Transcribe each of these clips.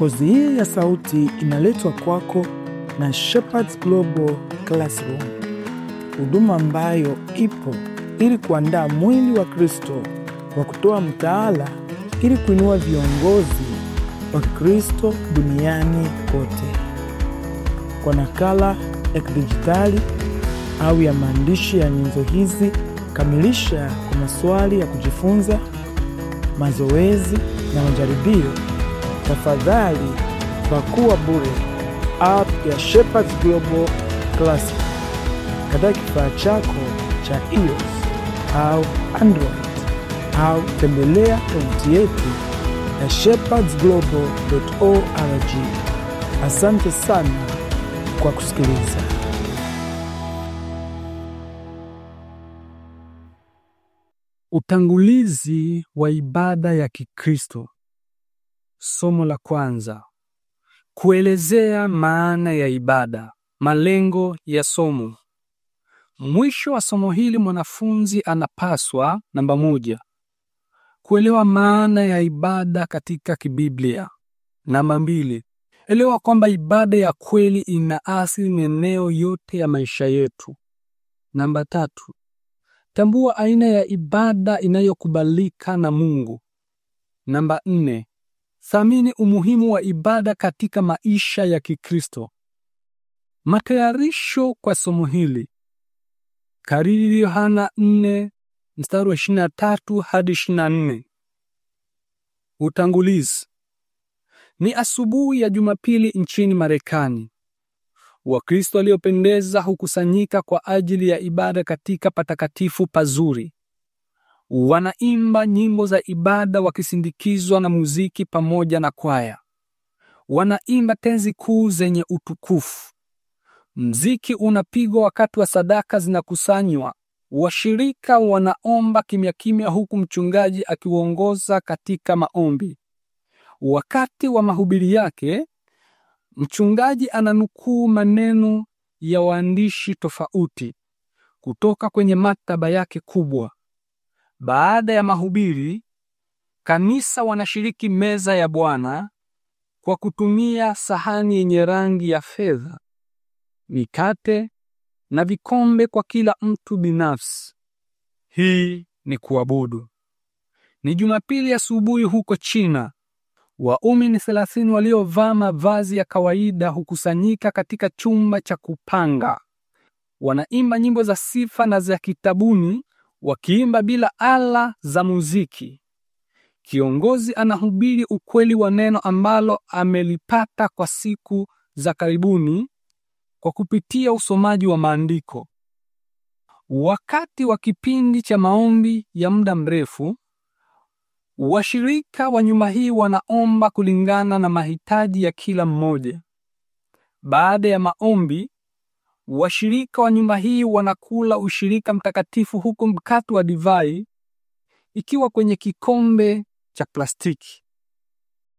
Kozi hii ya sauti inaletwa kwako na Shepherds Global Classroom, huduma ambayo ipo ili kuandaa mwili wa Kristo kwa kutoa mtaala ili kuinua viongozi wa Kristo duniani kote. Kwa nakala ya kidijitali au ya maandishi ya nyenzo hizi, kamilisha kwa maswali ya kujifunza, mazoezi na majaribio tafadhali pakuwa bure app ya Shepherds Global Classic katika kifaa chako cha iOS au Android au tembelea tovuti yetu ya shepherdsglobal.org. Asante sana kwa kusikiliza. Utangulizi wa ibada ya Kikristo. Somo la kwanza: kuelezea maana ya ibada. Malengo ya somo. Mwisho wa somo hili mwanafunzi anapaswa: namba moja, kuelewa maana ya ibada katika kibiblia. Namba mbili, elewa kwamba ibada ya kweli ina asili maeneo yote ya maisha yetu. Namba tatu, tambua aina ya ibada inayokubalika na Mungu. Namba nne, Thamini umuhimu wa ibada katika maisha ya Kikristo. Matayarisho kwa somo hili. Kariri Yohana 4 mstari wa 23 hadi 24. Utangulizi. Ni asubuhi ya Jumapili nchini Marekani. Wakristo waliopendeza hukusanyika kwa ajili ya ibada katika patakatifu pazuri. Wanaimba nyimbo za ibada wakisindikizwa na muziki pamoja na kwaya. Wanaimba tenzi kuu zenye utukufu. Mziki unapigwa wakati wa sadaka zinakusanywa. Washirika wanaomba kimya kimya, huku mchungaji akiwaongoza katika maombi. Wakati wa mahubiri yake, mchungaji ananukuu maneno ya waandishi tofauti kutoka kwenye maktaba yake kubwa. Baada ya mahubiri, kanisa wanashiriki meza ya Bwana kwa kutumia sahani yenye rangi ya fedha, mikate na vikombe kwa kila mtu binafsi. Hii ni kuabudu. Ni Jumapili asubuhi huko China. Waumini 30 waliovaa mavazi ya kawaida hukusanyika katika chumba cha kupanga. Wanaimba nyimbo za sifa na za kitabuni wakiimba bila ala za muziki. Kiongozi anahubiri ukweli wa neno ambalo amelipata kwa siku za karibuni kwa kupitia usomaji wa maandiko. Wakati wa kipindi cha maombi ya muda mrefu, washirika wa nyumba hii wanaomba kulingana na mahitaji ya kila mmoja. Baada ya maombi, Washirika wa nyumba hii wanakula ushirika mtakatifu huku mkate wa divai ikiwa kwenye kikombe cha plastiki.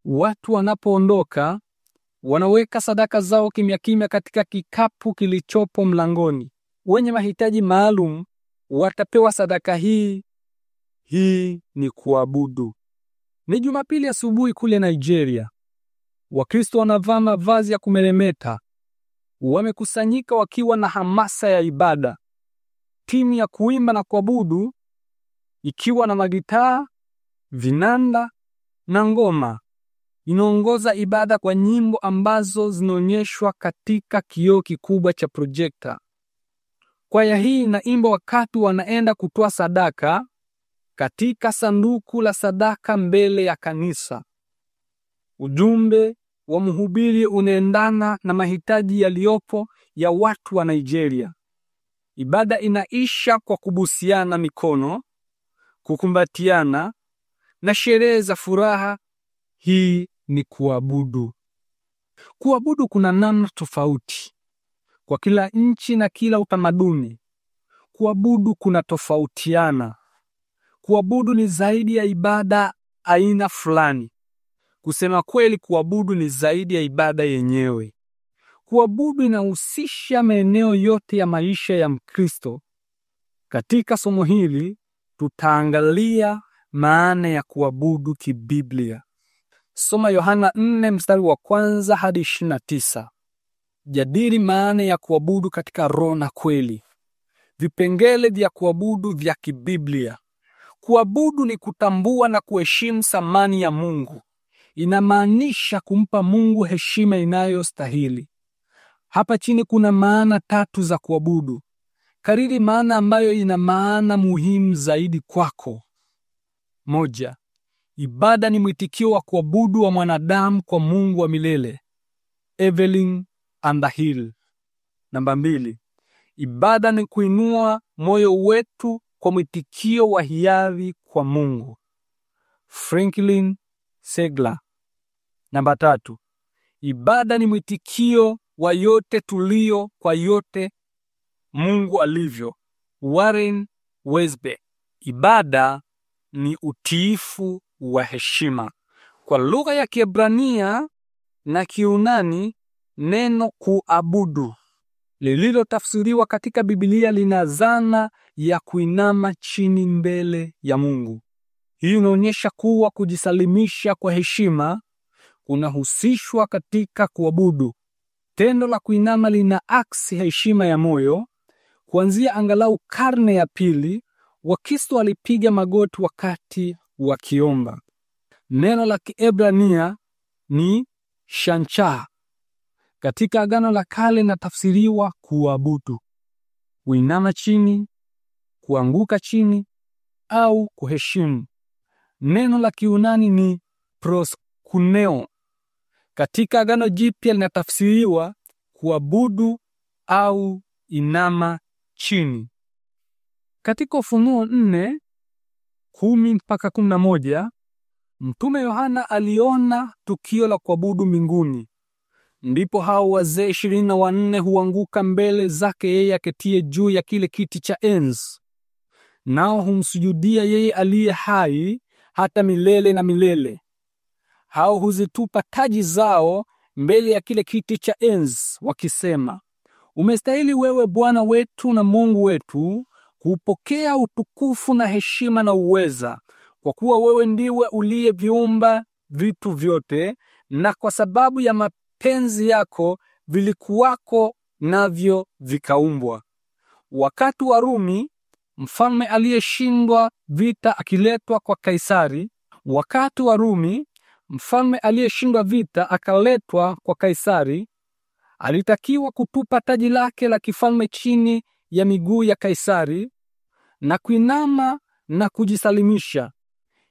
Watu wanapoondoka wanaweka sadaka zao kimya kimya katika kikapu kilichopo mlangoni. Wenye mahitaji maalum watapewa sadaka hii. Hii ni kuabudu. Ni Jumapili asubuhi kule Nigeria. Wakristo wanavaa mavazi ya kumeremeta wamekusanyika wakiwa na hamasa ya ibada, timu ya kuimba na kuabudu ikiwa na magitaa, vinanda na ngoma inaongoza ibada kwa nyimbo ambazo zinaonyeshwa katika kioo kikubwa cha projekta. Kwaya hii inaimba wakati wanaenda kutoa sadaka katika sanduku la sadaka mbele ya kanisa. Ujumbe wa mhubiri unaendana na mahitaji yaliyopo ya watu wa Nigeria. Ibada inaisha kwa kubusiana mikono, kukumbatiana na sherehe za furaha. Hii ni kuabudu. Kuabudu kuna namna tofauti kwa kila nchi na kila utamaduni. Kuabudu kuna tofautiana. Kuabudu ni zaidi ya ibada aina fulani. Kusema kweli, kuabudu ni zaidi ya ibada yenyewe. Kuabudu inahusisha maeneo yote ya maisha ya Mkristo. Katika somo hili tutaangalia maana ya kuabudu kibiblia. Soma Yohana 4 mstari wa kwanza hadi 29. Jadili maana ya kuabudu katika roho na kweli. Vipengele vya kuabudu vya kibiblia. Kuabudu ni kutambua na kuheshimu thamani ya Mungu inamaanisha kumpa Mungu heshima inayostahili. Hapa chini kuna maana tatu za kuabudu. Kariri maana ambayo ina maana muhimu zaidi kwako. Moja, ibada ni mwitikio wa kuabudu wa mwanadamu kwa Mungu wa milele. Evelyn Underhill. Namba mbili, ibada ni kuinua moyo wetu kwa mwitikio wa hiari kwa Mungu. Franklin Segla. Namba tatu, ibada ni mwitikio wa yote tulio kwa yote Mungu alivyo. Warren Wesbe. Ibada ni utiifu wa heshima. Kwa lugha ya Kiebrania na Kiunani, neno kuabudu lililotafsiriwa katika Biblia lina zana ya kuinama chini mbele ya Mungu. Hii inaonyesha kuwa kujisalimisha kwa heshima kunahusishwa katika kuabudu. Tendo la kuinama lina aksi heshima ya moyo. Kuanzia angalau karne ya pili, Wakristo walipiga magoti wakati wakiomba. Neno la Kiebrania ni shancha, katika Agano la Kale linatafsiriwa kuabudu, kuinama chini, kuanguka chini au kuheshimu. Neno la Kiunani ni proskuneo. Katika Agano Jipya linatafsiriwa kuabudu au inama chini. Katika Ufunuo nne kumi mpaka kumi na moja Mtume Yohana aliona tukio la kuabudu mbinguni. Ndipo hao wazee ishirini na wanne huanguka mbele zake yeye aketie juu ya kile kiti cha enzi, nao humsujudia yeye aliye hai hata milele na milele. Hao huzitupa taji zao mbele ya kile kiti cha enzi wakisema, umestahili wewe Bwana wetu na Mungu wetu kupokea utukufu na heshima na uweza, kwa kuwa wewe ndiwe uliyeviumba vitu vyote, na kwa sababu ya mapenzi yako vilikuwako, navyo vikaumbwa. Wakati Warumi mfalme aliyeshindwa vita akiletwa kwa Kaisari. Wakati wa Rumi, mfalme aliyeshindwa vita akaletwa kwa Kaisari, alitakiwa kutupa taji lake la kifalme chini ya miguu ya Kaisari na kuinama na kujisalimisha.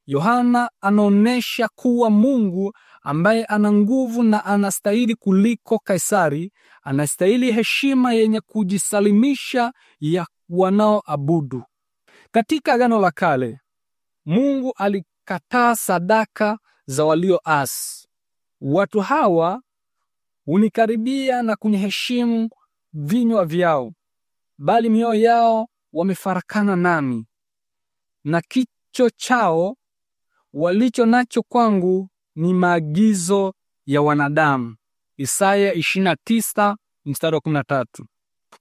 Yohana anaonesha kuwa Mungu ambaye ana nguvu na anastahili kuliko Kaisari, anastahili heshima yenye kujisalimisha ya wanaoabudu. Katika Agano la Kale, Mungu alikataa sadaka za walioasi. Watu hawa hunikaribia na kuniheshimu vinywa vyao, bali mioyo yao wamefarakana nami, na kicho chao walicho nacho kwangu ni maagizo ya wanadamu. Isaya 29 mstari wa 13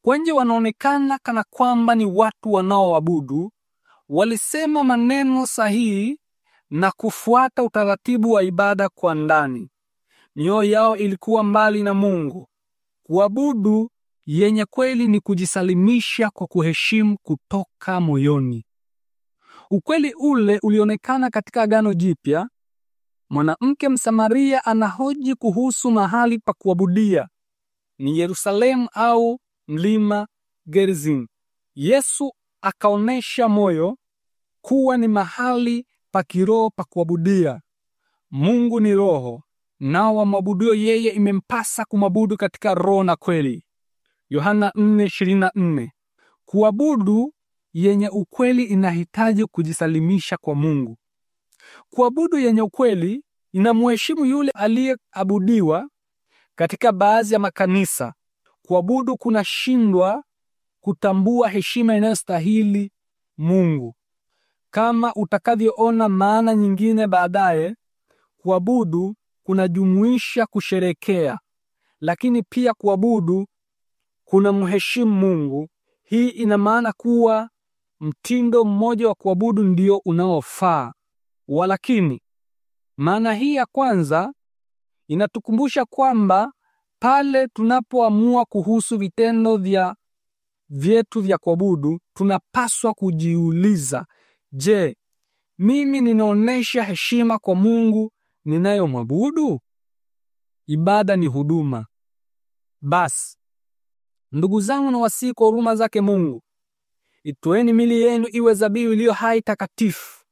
wenye wanaonekana kana kwamba ni watu wanaoabudu, walisema maneno sahihi na kufuata utaratibu wa ibada kwa ndani. Mioyo yao ilikuwa mbali na Mungu. Kuabudu yenye kweli ni kujisalimisha kwa kuheshimu kutoka moyoni. Ukweli ule ulionekana katika Agano Jipya. Mwanamke Msamaria anahoji kuhusu mahali pa kuabudia, ni Yerusalemu au mlima Gerizim. Yesu akaonesha moyo kuwa ni mahali pa kiroho pa kuabudia. Mungu ni roho, nao wamwabudio yeye imempasa kumwabudu katika roho na kweli. Yohana 4:24. Kuabudu yenye ukweli inahitaji kujisalimisha kwa Mungu. Kuabudu yenye ukweli inamheshimu yule aliyeabudiwa. Katika baadhi ya makanisa Kuabudu kunashindwa kutambua heshima inayostahili Mungu. Kama utakavyoona maana nyingine baadaye, kuabudu kunajumuisha kusherekea, lakini pia kuabudu kuna mheshimu Mungu. Hii ina maana kuwa mtindo mmoja wa kuabudu ndio unaofaa. Walakini, maana hii ya kwanza inatukumbusha kwamba pale tunapoamua kuhusu vitendo vya vyetu vya kuabudu, tunapaswa kujiuliza, je, mimi ninaonyesha heshima kwa Mungu ninayomwabudu? Ibada ni huduma. Basi ndugu zangu, na wasii kwa huruma zake Mungu, itoeni mili yenu iwe zabihu iliyo hai, takatifu,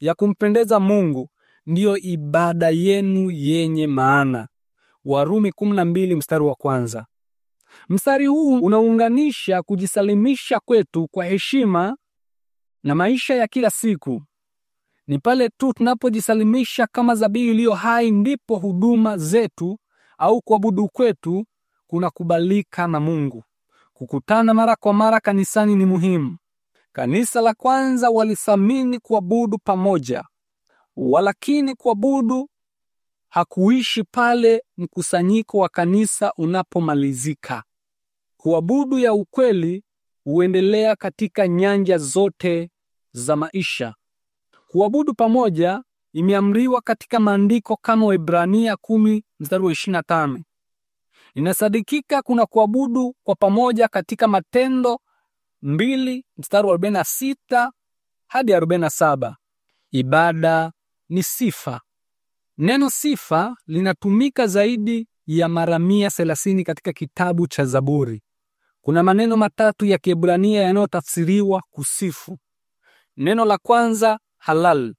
ya kumpendeza Mungu, ndiyo ibada yenu yenye maana. Warumi 12 mstari wa kwanza. Mstari huu unaunganisha kujisalimisha kwetu kwa heshima na maisha ya kila siku. Ni pale tu tunapojisalimisha kama dhabihu iliyo hai, ndipo huduma zetu au kuabudu kwetu kunakubalika na Mungu. Kukutana mara kwa mara kanisani ni muhimu. Kanisa la kwanza walithamini kuabudu pamoja, walakini kuabudu hakuishi pale mkusanyiko wa kanisa unapomalizika. Kuabudu ya ukweli huendelea katika nyanja zote za maisha. Kuabudu pamoja imeamriwa katika maandiko kama Waebrania 10 mstari wa 25. Inasadikika kuna kuabudu kwa pamoja katika Matendo 2 mstari wa 46 hadi 47. Ibada ni sifa Neno sifa linatumika zaidi ya mara mia thelathini katika kitabu cha Zaburi. Kuna maneno matatu ya Kiebrania yanayotafsiriwa kusifu. Neno la kwanza halal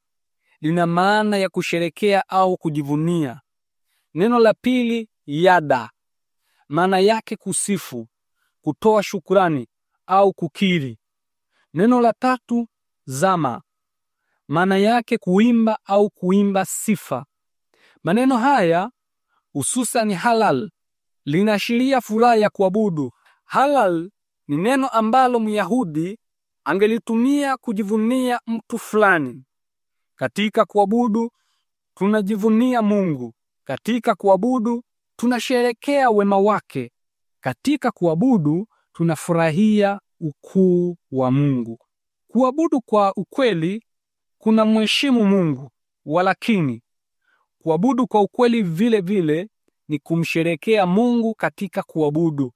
lina maana ya kusherekea au kujivunia. Neno la pili yada, maana yake kusifu, kutoa shukurani au kukiri. Neno la tatu zama, maana yake kuimba au kuimba sifa. Maneno haya hususani halal linaashiria furaha ya kuabudu. Halal ni neno ambalo Myahudi angelitumia kujivunia mtu fulani. Katika kuabudu tunajivunia Mungu, katika kuabudu tunasherekea wema wake, katika kuabudu tunafurahia ukuu wa Mungu. Kuabudu kwa ukweli kuna mheshimu Mungu, walakini Kuabudu kwa ukweli vile vile ni kumsherekea Mungu katika kuabudu.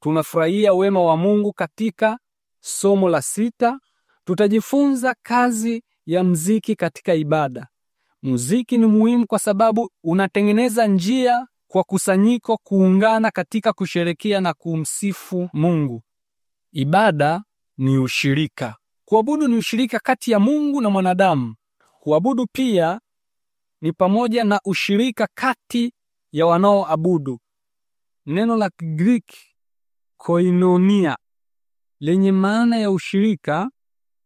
Tunafurahia wema wa Mungu katika somo la sita. Tutajifunza kazi ya mziki katika ibada. Muziki ni muhimu kwa sababu unatengeneza njia kwa kusanyiko kuungana katika kusherekea na kumsifu Mungu. Ibada ni ushirika. Kuabudu ni ushirika kati ya Mungu na mwanadamu. Kuabudu pia ni pamoja na ushirika kati ya wanaoabudu. Neno la Greek koinonia lenye maana ya ushirika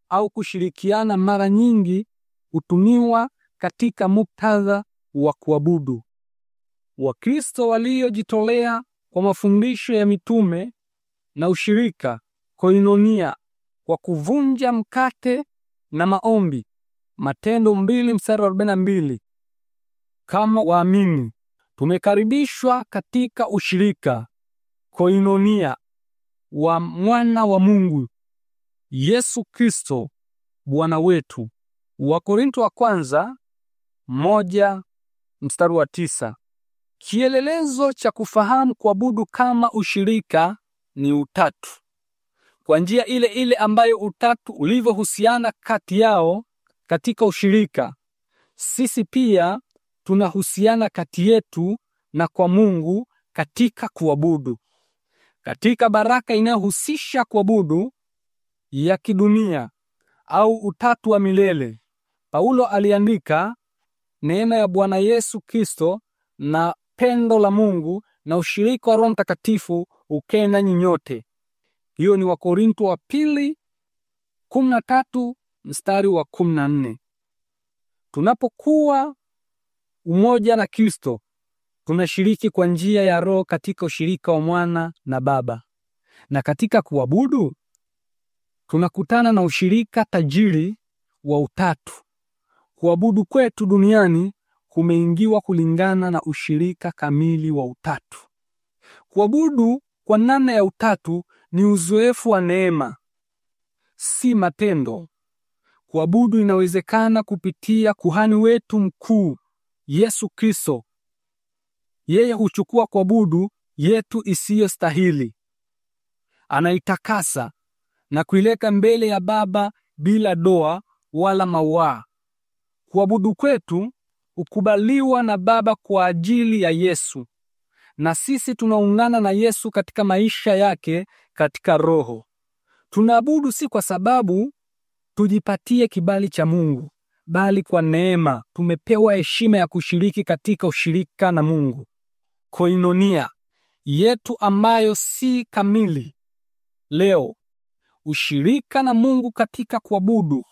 au kushirikiana, mara nyingi hutumiwa katika muktadha wa kuabudu. Wakristo waliojitolea kwa mafundisho ya mitume na ushirika koinonia kwa kuvunja mkate na maombi, Matendo mbili mstari wa kama waamini tumekaribishwa katika ushirika koinonia wa mwana wa Mungu Yesu Kristo Bwana wetu. Wakorintho wa kwanza moja mstari wa tisa. Kielelezo cha kufahamu kuabudu kama ushirika ni utatu, kwa njia ile ile ambayo utatu ulivyohusiana kati yao katika ushirika, sisi pia tunahusiana kati yetu na kwa Mungu katika kuabudu. Katika baraka inayohusisha kuabudu ya kidunia au utatu wa milele, Paulo aliandika, neema ya Bwana Yesu Kristo na pendo la Mungu na ushirika wa Roho Mtakatifu ukae nanyi nyote. Hiyo ni Wakorinto wa pili 13 mstari wa 14. Tunapokuwa Umoja na Kristo tunashiriki kwa njia ya Roho katika ushirika wa Mwana na Baba, na katika kuabudu tunakutana na ushirika tajiri wa Utatu. Kuabudu kwetu duniani kumeingiwa kulingana na ushirika kamili wa Utatu. Kuabudu kwa namna ya Utatu ni uzoefu wa neema, si matendo. Kuabudu inawezekana kupitia kuhani wetu mkuu Yesu Kristo. Yeye huchukua kuabudu yetu isiyostahili, anaitakasa na kuileta mbele ya Baba bila doa wala mawaa. Kuabudu kwetu hukubaliwa na Baba kwa ajili ya Yesu, na sisi tunaungana na Yesu katika maisha yake katika Roho. Tunaabudu si kwa sababu tujipatie kibali cha Mungu, bali kwa neema tumepewa heshima ya kushiriki katika ushirika na Mungu. Koinonia yetu ambayo si kamili. Leo ushirika na Mungu katika kuabudu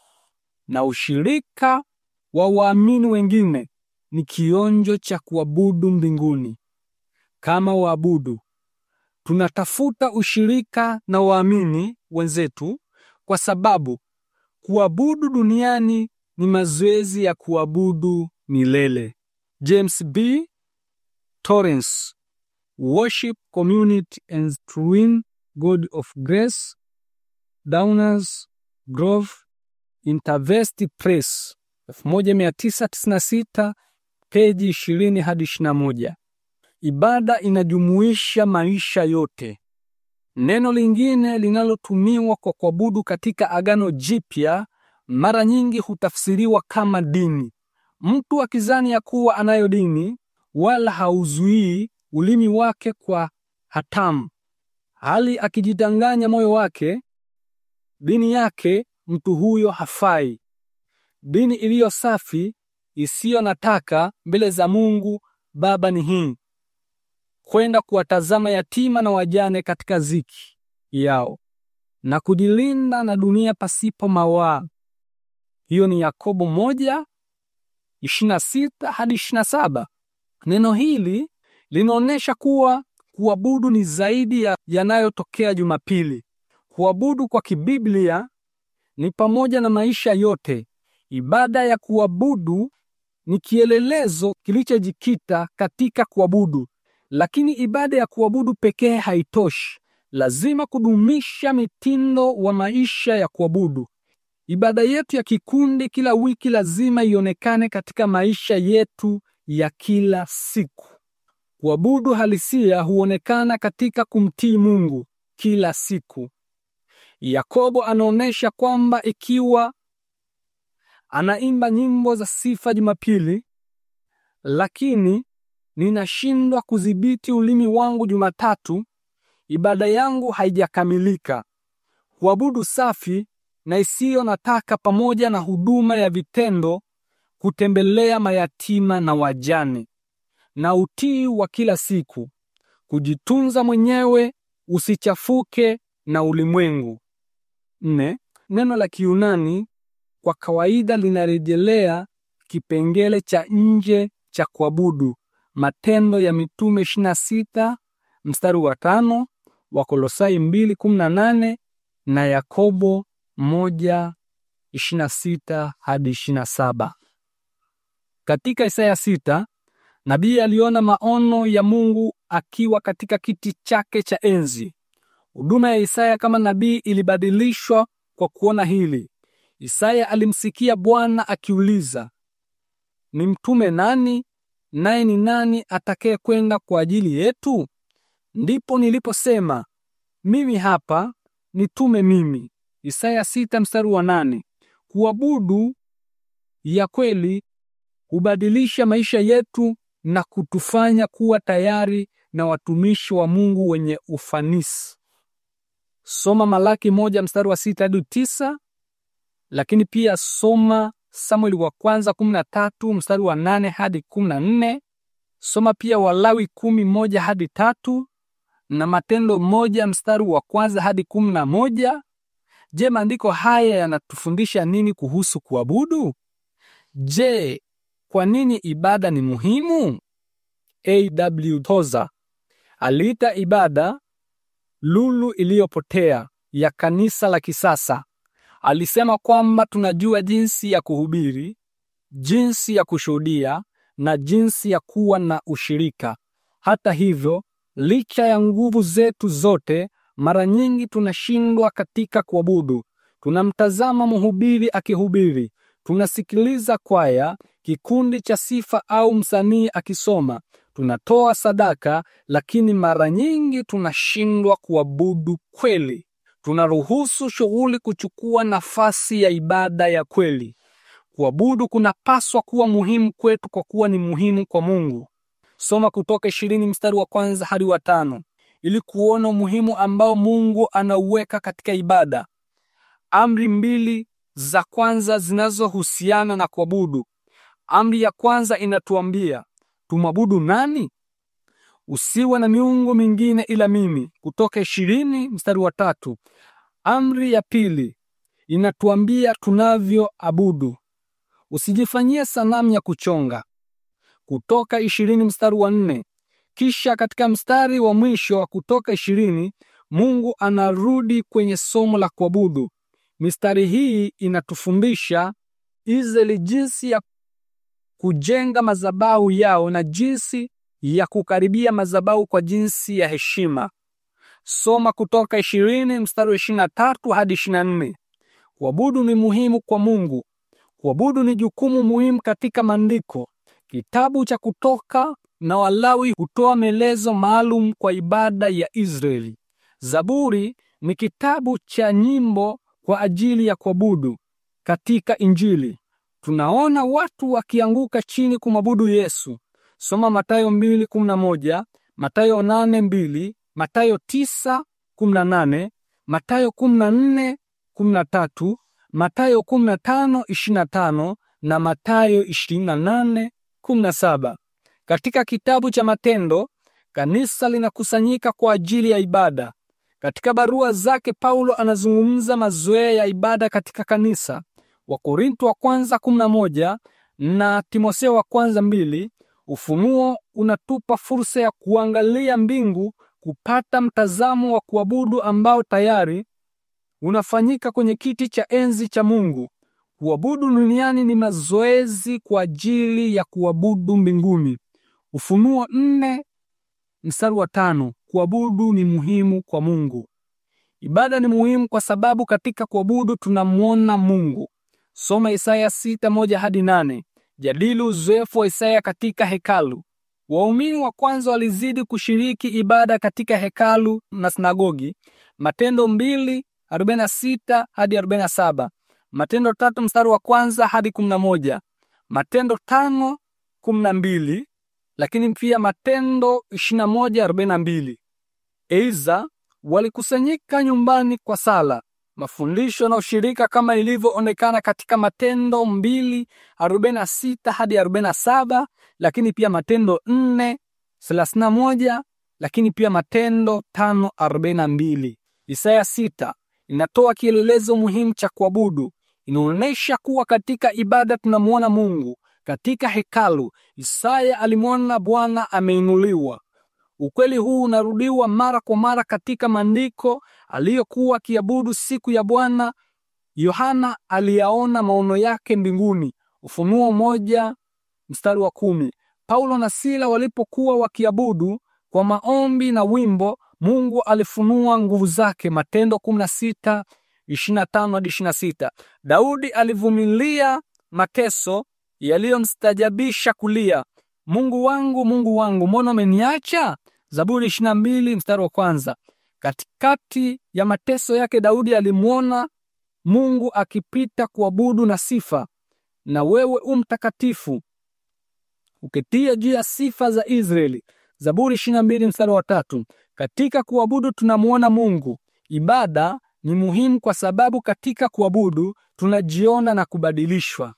na ushirika wa waamini wengine ni kionjo cha kuabudu mbinguni. Kama waabudu, tunatafuta ushirika na waamini wenzetu kwa sababu kuabudu duniani ni mazoezi ya kuabudu milele. James B. Torrance, Worship Community and truin God of Grace, Downers Grove, Intervest Press, 1996, peji 20 hadi 21. Ibada inajumuisha maisha yote. Neno lingine linalotumiwa kwa kuabudu katika Agano Jipya mara nyingi hutafsiriwa kama dini. Mtu akizani ya kuwa anayo dini, wala hauzuii ulimi wake kwa hatamu, hali akijidanganya moyo wake dini yake, mtu huyo hafai. Dini iliyo safi isiyo na taka mbele za Mungu Baba ni hii: kwenda kuwatazama yatima na wajane katika ziki yao na kujilinda na dunia pasipo mawaa. Hiyo ni Yakobo moja ishirini sita hadi ishirini saba. Neno hili linaonyesha kuwa kuabudu ni zaidi ya yanayotokea Jumapili. Kuabudu kwa kibiblia ni pamoja na maisha yote. Ibada ya kuabudu ni kielelezo kilichojikita katika kuabudu, lakini ibada ya kuabudu pekee haitoshi. Lazima kudumisha mitindo wa maisha ya kuabudu. Ibada yetu ya kikundi kila wiki lazima ionekane katika maisha yetu ya kila siku. Kuabudu halisia huonekana katika kumtii Mungu kila siku. Yakobo anaonyesha kwamba ikiwa anaimba nyimbo za sifa Jumapili, lakini ninashindwa kudhibiti ulimi wangu Jumatatu, ibada yangu haijakamilika. Kuabudu safi na isiyo na taka pamoja na huduma ya vitendo, kutembelea mayatima na wajane, na utii wa kila siku, kujitunza mwenyewe, usichafuke na ulimwengu. Nne, neno la Kiunani kwa kawaida linarejelea kipengele cha nje cha kuabudu, Matendo ya Mitume 26 mstari wa 5, Wakolosai 2:18 na Yakobo moja sita hadi ishirini saba. Katika Isaya sita nabii aliona maono ya Mungu akiwa katika kiti chake cha enzi. Huduma ya Isaya kama nabii ilibadilishwa kwa kuona hili. Isaya alimsikia Bwana akiuliza, ni mtume nani, naye ni nani atakaye kwenda kwa ajili yetu? Ndipo niliposema mimi hapa, nitume mimi. Isaya sita mstari wa nane. Kuabudu ya kweli hubadilisha maisha yetu na kutufanya kuwa tayari na watumishi wa Mungu wenye ufanisi. Soma Malaki moja mstari wa sita hadi tisa, lakini pia soma Samueli wa kwanza tatu mstari wa nane hadi nne. Soma pia Walawi kumi moja hadi tatu na Matendo moja mstari wa kwanza hadi kumi na moja Je, maandiko haya yanatufundisha nini kuhusu kuabudu? Je, kwa nini ibada ni muhimu? A.W. Tozer aliita ibada lulu iliyopotea ya kanisa la kisasa. Alisema kwamba tunajua jinsi ya kuhubiri, jinsi ya kushuhudia na jinsi ya kuwa na ushirika. Hata hivyo, licha ya nguvu zetu zote, mara nyingi tunashindwa katika kuabudu. Tunamtazama mhubiri akihubiri, tunasikiliza kwaya, kikundi cha sifa au msanii akisoma, tunatoa sadaka, lakini mara nyingi tunashindwa kuabudu kweli. Tunaruhusu shughuli kuchukua nafasi ya ibada ya kweli. Kuabudu kunapaswa kuwa muhimu kwetu kwa kuwa ni muhimu kwa Mungu. Soma Kutoka ishirini mstari wa kwanza hadi wa tano ili kuona umuhimu ambao Mungu anauweka katika ibada. Amri mbili za kwanza zinazohusiana na kuabudu. Amri ya kwanza inatuambia tumwabudu nani? Usiwe na miungu mingine ila mimi, Kutoka ishirini mstari wa tatu. Amri ya pili inatuambia tunavyoabudu, usijifanyie sanamu ya kuchonga, Kutoka ishirini mstari wa nne. Kisha katika mstari wa mwisho wa Kutoka ishirini, Mungu anarudi kwenye somo la kuabudu. Mistari hii inatufundisha Israeli jinsi ya kujenga mazabau yao na jinsi ya kukaribia mazabau kwa jinsi ya heshima. Soma Kutoka ishirini mstari wa ishirini na tatu hadi ishirini na nne. Kuabudu ni muhimu kwa Mungu. Kuabudu ni jukumu muhimu katika maandiko. Kitabu cha Kutoka na Walawi hutoa maelezo maalum kwa ibada ya Israeli. Zaburi ni kitabu cha nyimbo kwa ajili ya kuabudu. Katika Injili tunaona watu wakianguka chini kumwabudu Yesu. Soma Mathayo 2:11, Mathayo 8:2, Mathayo 9:18, Mathayo 14:13, Mathayo 15:25 na Mathayo 28:17. Katika kitabu cha Matendo, kanisa linakusanyika kwa ajili ya ibada. Katika barua zake Paulo anazungumza mazoea ya ibada katika kanisa. Wakorinto wa kwanza moja na Timotheo wa kwanza mbili. Ufunuo unatupa fursa ya kuangalia mbingu, kupata mtazamo wa kuabudu ambao tayari unafanyika kwenye kiti cha enzi cha Mungu. Kuabudu duniani ni mazoezi kwa ajili ya kuabudu mbinguni. Ufunuo nne mstari wa tano kuabudu ni muhimu kwa Mungu. Ibada ni muhimu kwa sababu katika kuabudu tunamwona Mungu. Soma Isaya sita moja hadi nane. Jadili uzoefu wa Isaya katika hekalu. Waumini wa kwanza walizidi kushiriki ibada katika hekalu na sinagogi. Matendo mbili arobaini na sita hadi arobaini na saba. Matendo tatu mstari wa kwanza hadi kumi na moja. Matendo tano kumi na mbili. Lakini pia Matendo 21:42, eiza walikusanyika nyumbani kwa sala, mafundisho na ushirika kama ilivyoonekana katika Matendo 2:46 hadi 47, lakini pia Matendo 4:31, lakini pia Matendo 5:42. Isaya 6 inatoa kielelezo muhimu cha kuabudu. Inaonyesha kuwa katika ibada tunamwona Mungu katika hekalu Isaya alimwona Bwana ameinuliwa. Ukweli huu unarudiwa mara kwa mara katika maandiko. Aliyokuwa akiabudu siku ya Bwana, Yohana aliyaona maono yake mbinguni, Ufunuo moja mstari wa kumi. Paulo na Sila walipokuwa wakiabudu kwa maombi na wimbo, Mungu alifunua nguvu zake, Matendo 16 25 hadi 26. Daudi alivumilia mateso yaliyomstajabisha kulia, Mungu wangu, Mungu wangu, mbona umeniacha? Zaburi 22 mstari wa kwanza. Katikati ya mateso yake Daudi alimwona Mungu akipita kuabudu na sifa. Na wewe u mtakatifu uketia juu ya sifa za Israeli. Zaburi 22 mstari wa tatu. Katika kuabudu tunamwona Mungu. Ibada ni muhimu kwa sababu katika kuabudu tunajiona na kubadilishwa.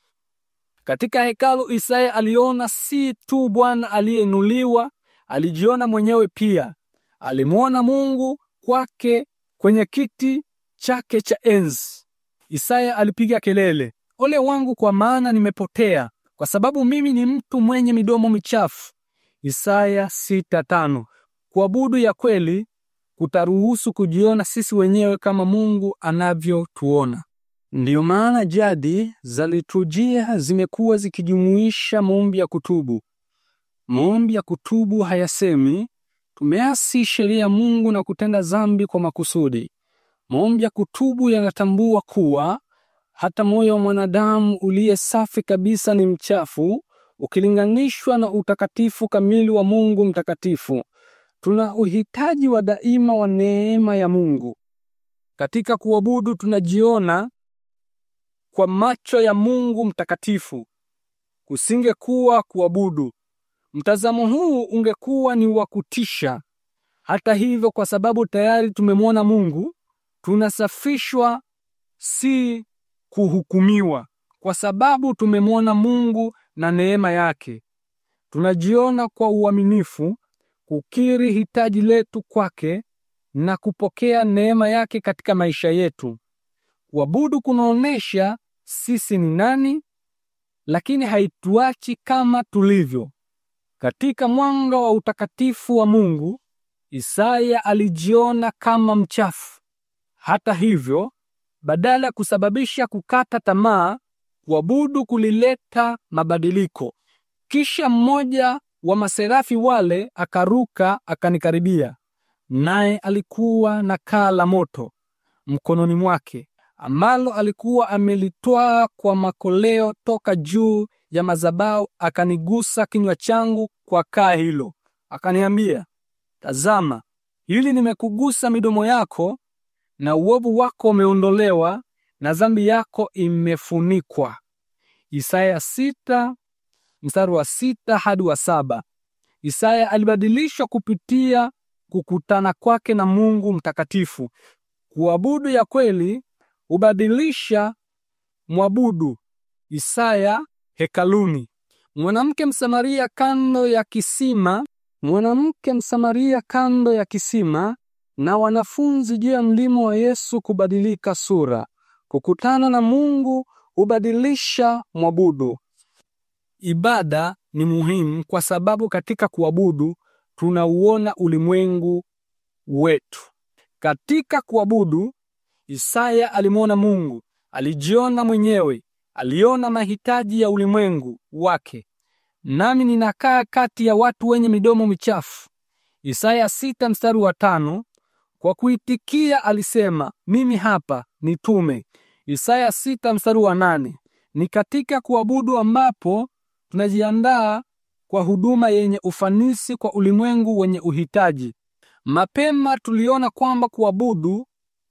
Katika hekalu Isaya aliona si tu Bwana aliyeinuliwa, alijiona mwenyewe pia. Alimwona Mungu kwake kwenye kiti chake cha enzi. Isaya alipiga kelele, ole wangu, kwa maana nimepotea, kwa sababu mimi ni mtu mwenye midomo michafu. Isaya 6:5. Kuabudu ya kweli kutaruhusu kujiona sisi wenyewe kama Mungu anavyotuona. Ndiyo maana jadi za liturujia zimekuwa zikijumuisha maombi ya kutubu. Maombi ya kutubu hayasemi tumeasi sheria ya Mungu na kutenda dhambi kwa makusudi. Maombi ya kutubu yanatambua kuwa hata moyo wa mwanadamu uliye safi kabisa ni mchafu ukilinganishwa na utakatifu kamili wa Mungu mtakatifu. Tuna uhitaji wa daima wa neema ya Mungu. Katika kuabudu tunajiona kwa macho ya Mungu mtakatifu kusingekuwa kuabudu. Mtazamo huu ungekuwa ni wa kutisha. Hata hivyo, kwa sababu tayari tumemwona Mungu, tunasafishwa, si kuhukumiwa, kwa sababu tumemwona Mungu na neema yake. Tunajiona kwa uaminifu kukiri hitaji letu kwake na kupokea neema yake katika maisha yetu. Kuabudu kunaonesha sisi ni nani, lakini haituachi kama tulivyo. Katika mwanga wa utakatifu wa Mungu, Isaya alijiona kama mchafu. Hata hivyo, badala ya kusababisha kukata tamaa, kuabudu kulileta mabadiliko. Kisha mmoja wa maserafi wale akaruka akanikaribia, naye alikuwa na kaa la moto mkononi mwake ambalo alikuwa amelitwaa kwa makoleo toka juu ya mazabau akanigusa kinywa changu kwa kaa hilo, akaniambia, tazama, hili nimekugusa midomo yako, na uovu wako umeondolewa na dhambi yako imefunikwa. Isaya sita mstari wa sita hadi wa saba. Isaya alibadilishwa kupitia kukutana kwake na Mungu mtakatifu. Kuabudu ya kweli hubadilisha mwabudu Isaya hekaluni. Mwanamke Msamaria kando ya kisima, mwanamke Msamaria kando ya kisima, na wanafunzi juu ya mlima wa Yesu kubadilika sura, kukutana na Mungu hubadilisha mwabudu. Ibada ni muhimu kwa sababu katika kuabudu tunauona ulimwengu wetu. Katika kuabudu Isaya alimwona Mungu, alijiona mwenyewe, aliona mahitaji ya ulimwengu wake. Nami ninakaa kati ya watu wenye midomo michafu. Isaya sita mstari wa tano. Kwa kuitikia alisema, mimi hapa nitume. Isaya sita mstari wa nane. Ni katika kuabudu ambapo tunajiandaa kwa huduma yenye ufanisi kwa ulimwengu wenye uhitaji. Mapema tuliona kwamba kuabudu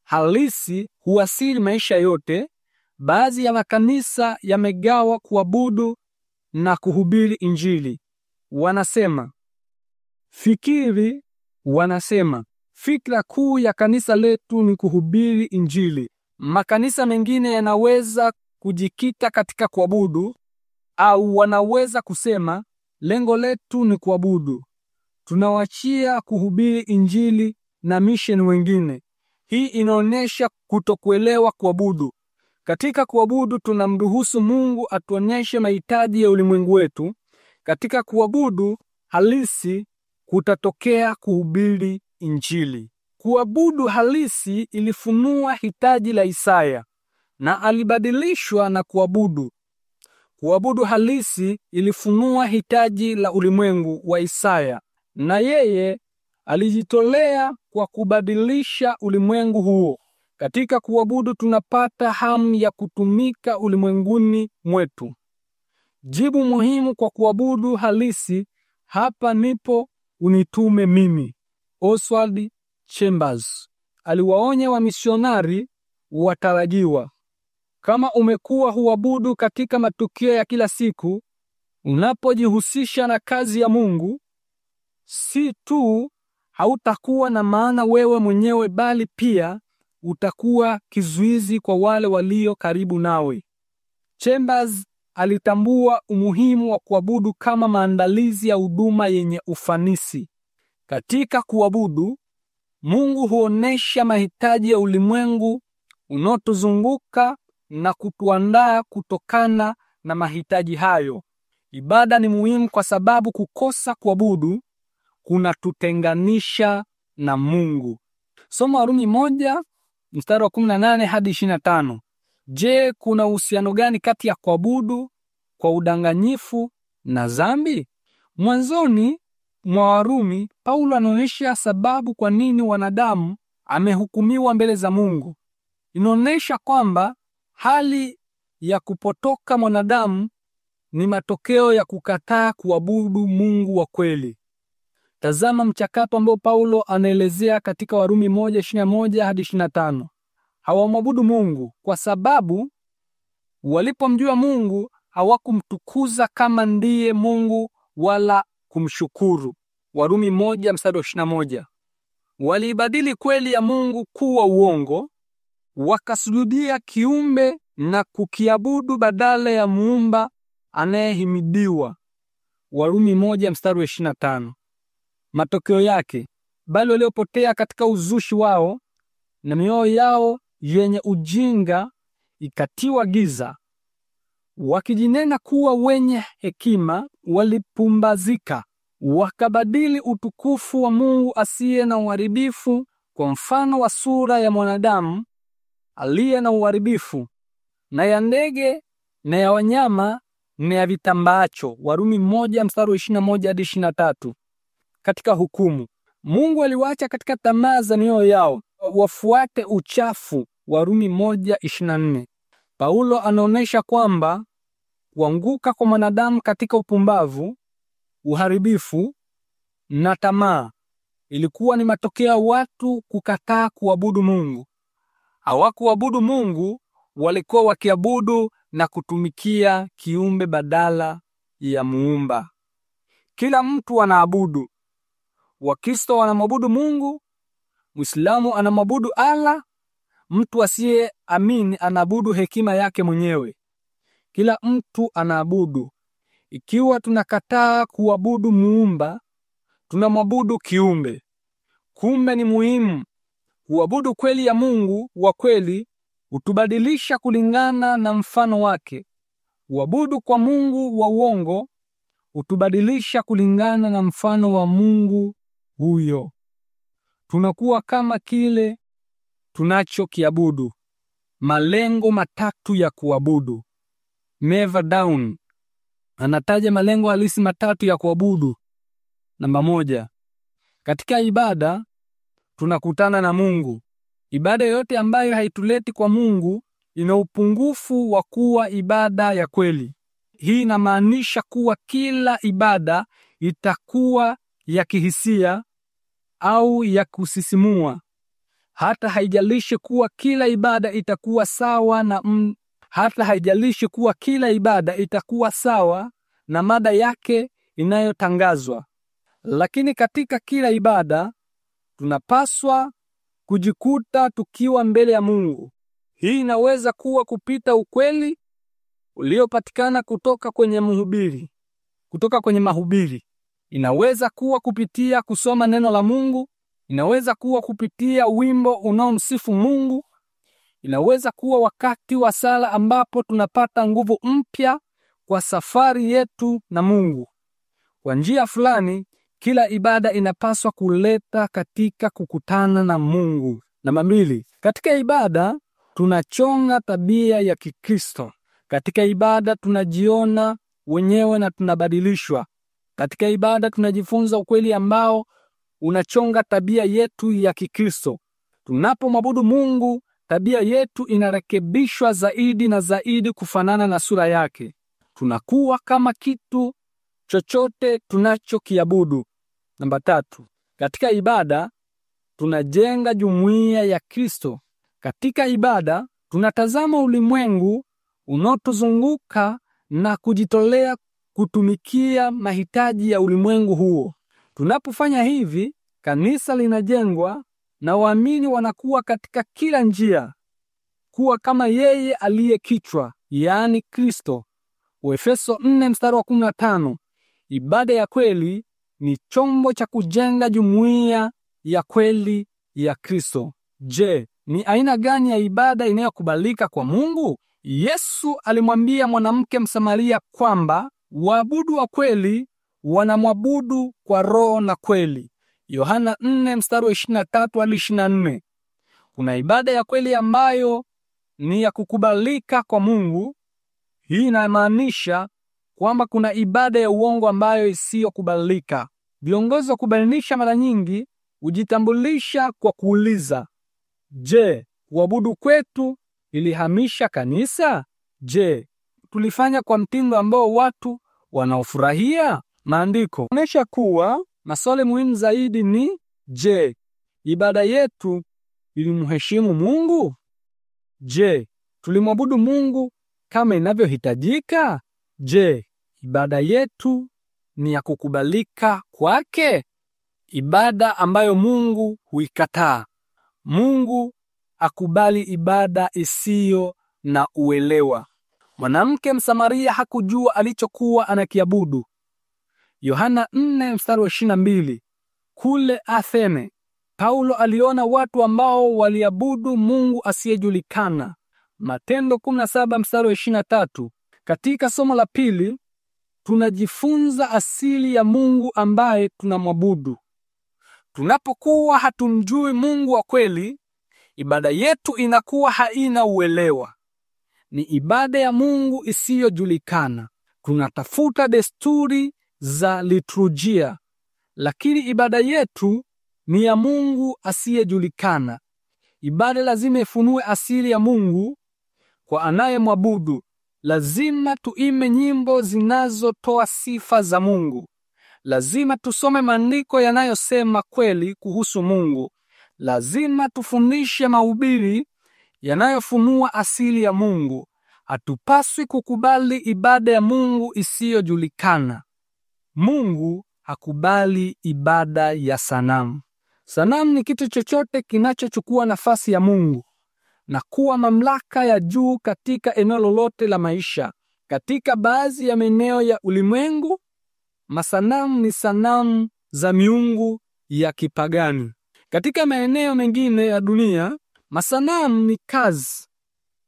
halisi huasili maisha yote. Baadhi ya makanisa yamegawa kuabudu na kuhubiri Injili. Wanasema fikiri, wanasema fikra kuu ya kanisa letu ni kuhubiri Injili. Makanisa mengine yanaweza kujikita katika kuabudu au wanaweza kusema lengo letu ni kuabudu, tunawachia kuhubiri Injili na misheni wengine. Hii inaonyesha kutokuelewa kuabudu. Katika kuabudu tunamruhusu Mungu atuonyeshe mahitaji ya ulimwengu wetu. Katika kuabudu halisi kutatokea kuhubiri Injili. Kuabudu halisi ilifunua hitaji la Isaya na alibadilishwa na kuabudu. Kuabudu halisi ilifunua hitaji la ulimwengu wa Isaya na yeye alijitolea kwa kubadilisha ulimwengu huo. Katika kuabudu tunapata hamu ya kutumika ulimwenguni mwetu. Jibu muhimu kwa kuabudu halisi, hapa nipo, unitume mimi. Oswald Chambers aliwaonya wamisionari watarajiwa, kama umekuwa huabudu katika matukio ya kila siku, unapojihusisha na kazi ya Mungu, si tu hautakuwa na maana wewe mwenyewe, bali pia utakuwa kizuizi kwa wale walio karibu nawe. Chambers alitambua umuhimu wa kuabudu kama maandalizi ya huduma yenye ufanisi. Katika kuabudu, Mungu huonesha mahitaji ya ulimwengu unaotuzunguka na kutuandaa kutokana na mahitaji hayo. Ibada ni muhimu kwa sababu kukosa kuabudu kunatutenganisha na Mungu. Soma Warumi moja mstari wa 18 hadi 25. Je, kuna uhusiano gani kati ya kuabudu kwa udanganyifu na zambi Mwanzoni mwa Warumi, Paulo anaonyesha sababu kwa nini wanadamu amehukumiwa mbele za Mungu. Inaonyesha kwamba hali ya kupotoka mwanadamu ni matokeo ya kukataa kuabudu Mungu wa kweli. Tazama mchakato ambao Paulo anaelezea katika Warumi 1:21 hadi 25. Hawamwabudu Mungu kwa sababu walipomjua Mungu hawakumtukuza kama ndiye Mungu wala kumshukuru. Warumi 1 Waliibadili kweli ya Mungu kuwa uongo, wakasujudia kiumbe na kukiabudu badala ya muumba anayehimidiwa. Warumi 1 mstari wa Matokeo yake bali waliopotea katika uzushi wao na mioyo yao yenye ujinga ikatiwa giza, wakijinena kuwa wenye hekima, walipumbazika wakabadili utukufu wa Mungu asiye na uharibifu kwa mfano wa sura ya mwanadamu aliye na uharibifu na ya ndege na ya wanyama na ya vitambaacho. Warumi moja mstari wa 21 hadi katika hukumu. Mungu aliwaacha katika tamaa za mioyo yao wafuate uchafu, Warumi moja nne. Paulo anaonyesha kwamba kuanguka kwa mwanadamu katika upumbavu, uharibifu na tamaa ilikuwa ni matokeo ya watu kukataa kuabudu Mungu. Hawakuabudu Mungu, walikuwa wakiabudu na kutumikia kiumbe badala ya muumba. Kila mtu anaabudu, Wakristo wanamwabudu Mungu, Muislamu anamwabudu Allah, mtu asiye amini anaabudu hekima yake mwenyewe. Kila mtu anaabudu. Ikiwa tunakataa kuabudu muumba, tunamwabudu kiumbe. Kumbe ni muhimu kuabudu kweli ya Mungu wa kweli hutubadilisha kulingana na mfano wake. Kuabudu kwa Mungu wa uongo hutubadilisha kulingana na mfano wa Mungu huyo. Tunakuwa kama kile tunachokiabudu. Malengo matatu ya kuabudu. Meva Down anataja malengo halisi matatu ya kuabudu. Namba moja, katika ibada tunakutana na Mungu. Ibada yoyote ambayo haituleti kwa Mungu ina upungufu wa kuwa ibada ya kweli. Hii inamaanisha kuwa kila ibada itakuwa ya kihisia au ya kusisimua. Hata haijalishi kuwa kila ibada itakuwa sawa na m... hata haijalishi kuwa kila ibada itakuwa sawa na mada yake inayotangazwa, lakini katika kila ibada tunapaswa kujikuta tukiwa mbele ya Mungu. Hii inaweza kuwa kupita ukweli uliopatikana kutoka kwenye mhubiri, kutoka kwenye mahubiri Inaweza kuwa kupitia kusoma neno la Mungu, inaweza kuwa kupitia wimbo unaomsifu Mungu, inaweza kuwa wakati wa sala ambapo tunapata nguvu mpya kwa safari yetu na Mungu. Kwa njia fulani, kila ibada inapaswa kuleta katika kukutana na Mungu. Namba mbili, katika ibada tunachonga tabia ya Kikristo. Katika ibada tunajiona wenyewe na tunabadilishwa. Katika ibada tunajifunza ukweli ambao unachonga tabia yetu ya Kikristo. Tunapomwabudu Mungu, tabia yetu inarekebishwa zaidi na zaidi kufanana na sura yake. Tunakuwa kama kitu chochote tunachokiabudu. Namba tatu, katika ibada tunajenga jumuiya ya Kristo. Katika ibada tunatazama ulimwengu unaotuzunguka na kujitolea kutumikia mahitaji ya ulimwengu huo. Tunapofanya hivi, kanisa linajengwa na waamini wanakuwa katika kila njia kuwa kama yeye aliye kichwa, yaani Kristo. Uefeso 4 mstari wa 15. Ibada ya kweli ni chombo cha kujenga jumuiya ya kweli ya Kristo. Je, ni aina gani ya ibada inayokubalika kwa Mungu? Yesu alimwambia mwanamke Msamaria kwamba Waabudu wa kweli wanamwabudu kwa roho na kweli, Yohana 4 mstari wa 23 hadi 24. Kuna ibada ya kweli ambayo ni ya kukubalika kwa Mungu. Hii inamaanisha kwamba kuna ibada ya uongo ambayo isiyokubalika. Viongozi wa kubainisha mara nyingi hujitambulisha kwa kuuliza, je, kuabudu kwetu ilihamisha kanisa? Je, tulifanya kwa mtindo ambao watu wanaofurahia. Maandiko onesha kuwa maswali muhimu zaidi ni je, ibada yetu ilimheshimu Mungu? Je, tulimwabudu Mungu kama inavyohitajika? Je, ibada yetu ni ya kukubalika kwake? Ibada ambayo Mungu huikataa. Mungu akubali ibada isiyo na uelewa. Mwanamke Msamaria hakujua alichokuwa anakiabudu. Yohana 4 mstari wa 22. Kule Athene, Paulo aliona watu ambao waliabudu Mungu asiyejulikana. Matendo 17 mstari wa 23. Katika somo la pili tunajifunza asili ya Mungu ambaye tunamwabudu. Tunapokuwa hatumjui Mungu wa kweli, ibada yetu inakuwa haina uelewa ni ibada ya Mungu isiyojulikana. Tunatafuta desturi za liturujia, lakini ibada yetu ni ya Mungu asiyejulikana. Ibada lazima ifunue asili ya Mungu kwa anayemwabudu. Lazima tuime nyimbo zinazotoa sifa za Mungu. Lazima tusome maandiko yanayosema kweli kuhusu Mungu. Lazima tufundishe mahubiri yanayofunua asili ya Mungu. Hatupaswi kukubali ibada ya Mungu isiyojulikana. Mungu hakubali ibada ya sanamu. Sanamu ni kitu chochote kinachochukua nafasi ya Mungu na kuwa mamlaka ya juu katika eneo lolote la maisha. Katika baadhi ya maeneo ya ulimwengu, masanamu ni sanamu za miungu ya kipagani. Katika maeneo mengine ya dunia, Masanamu ni kazi,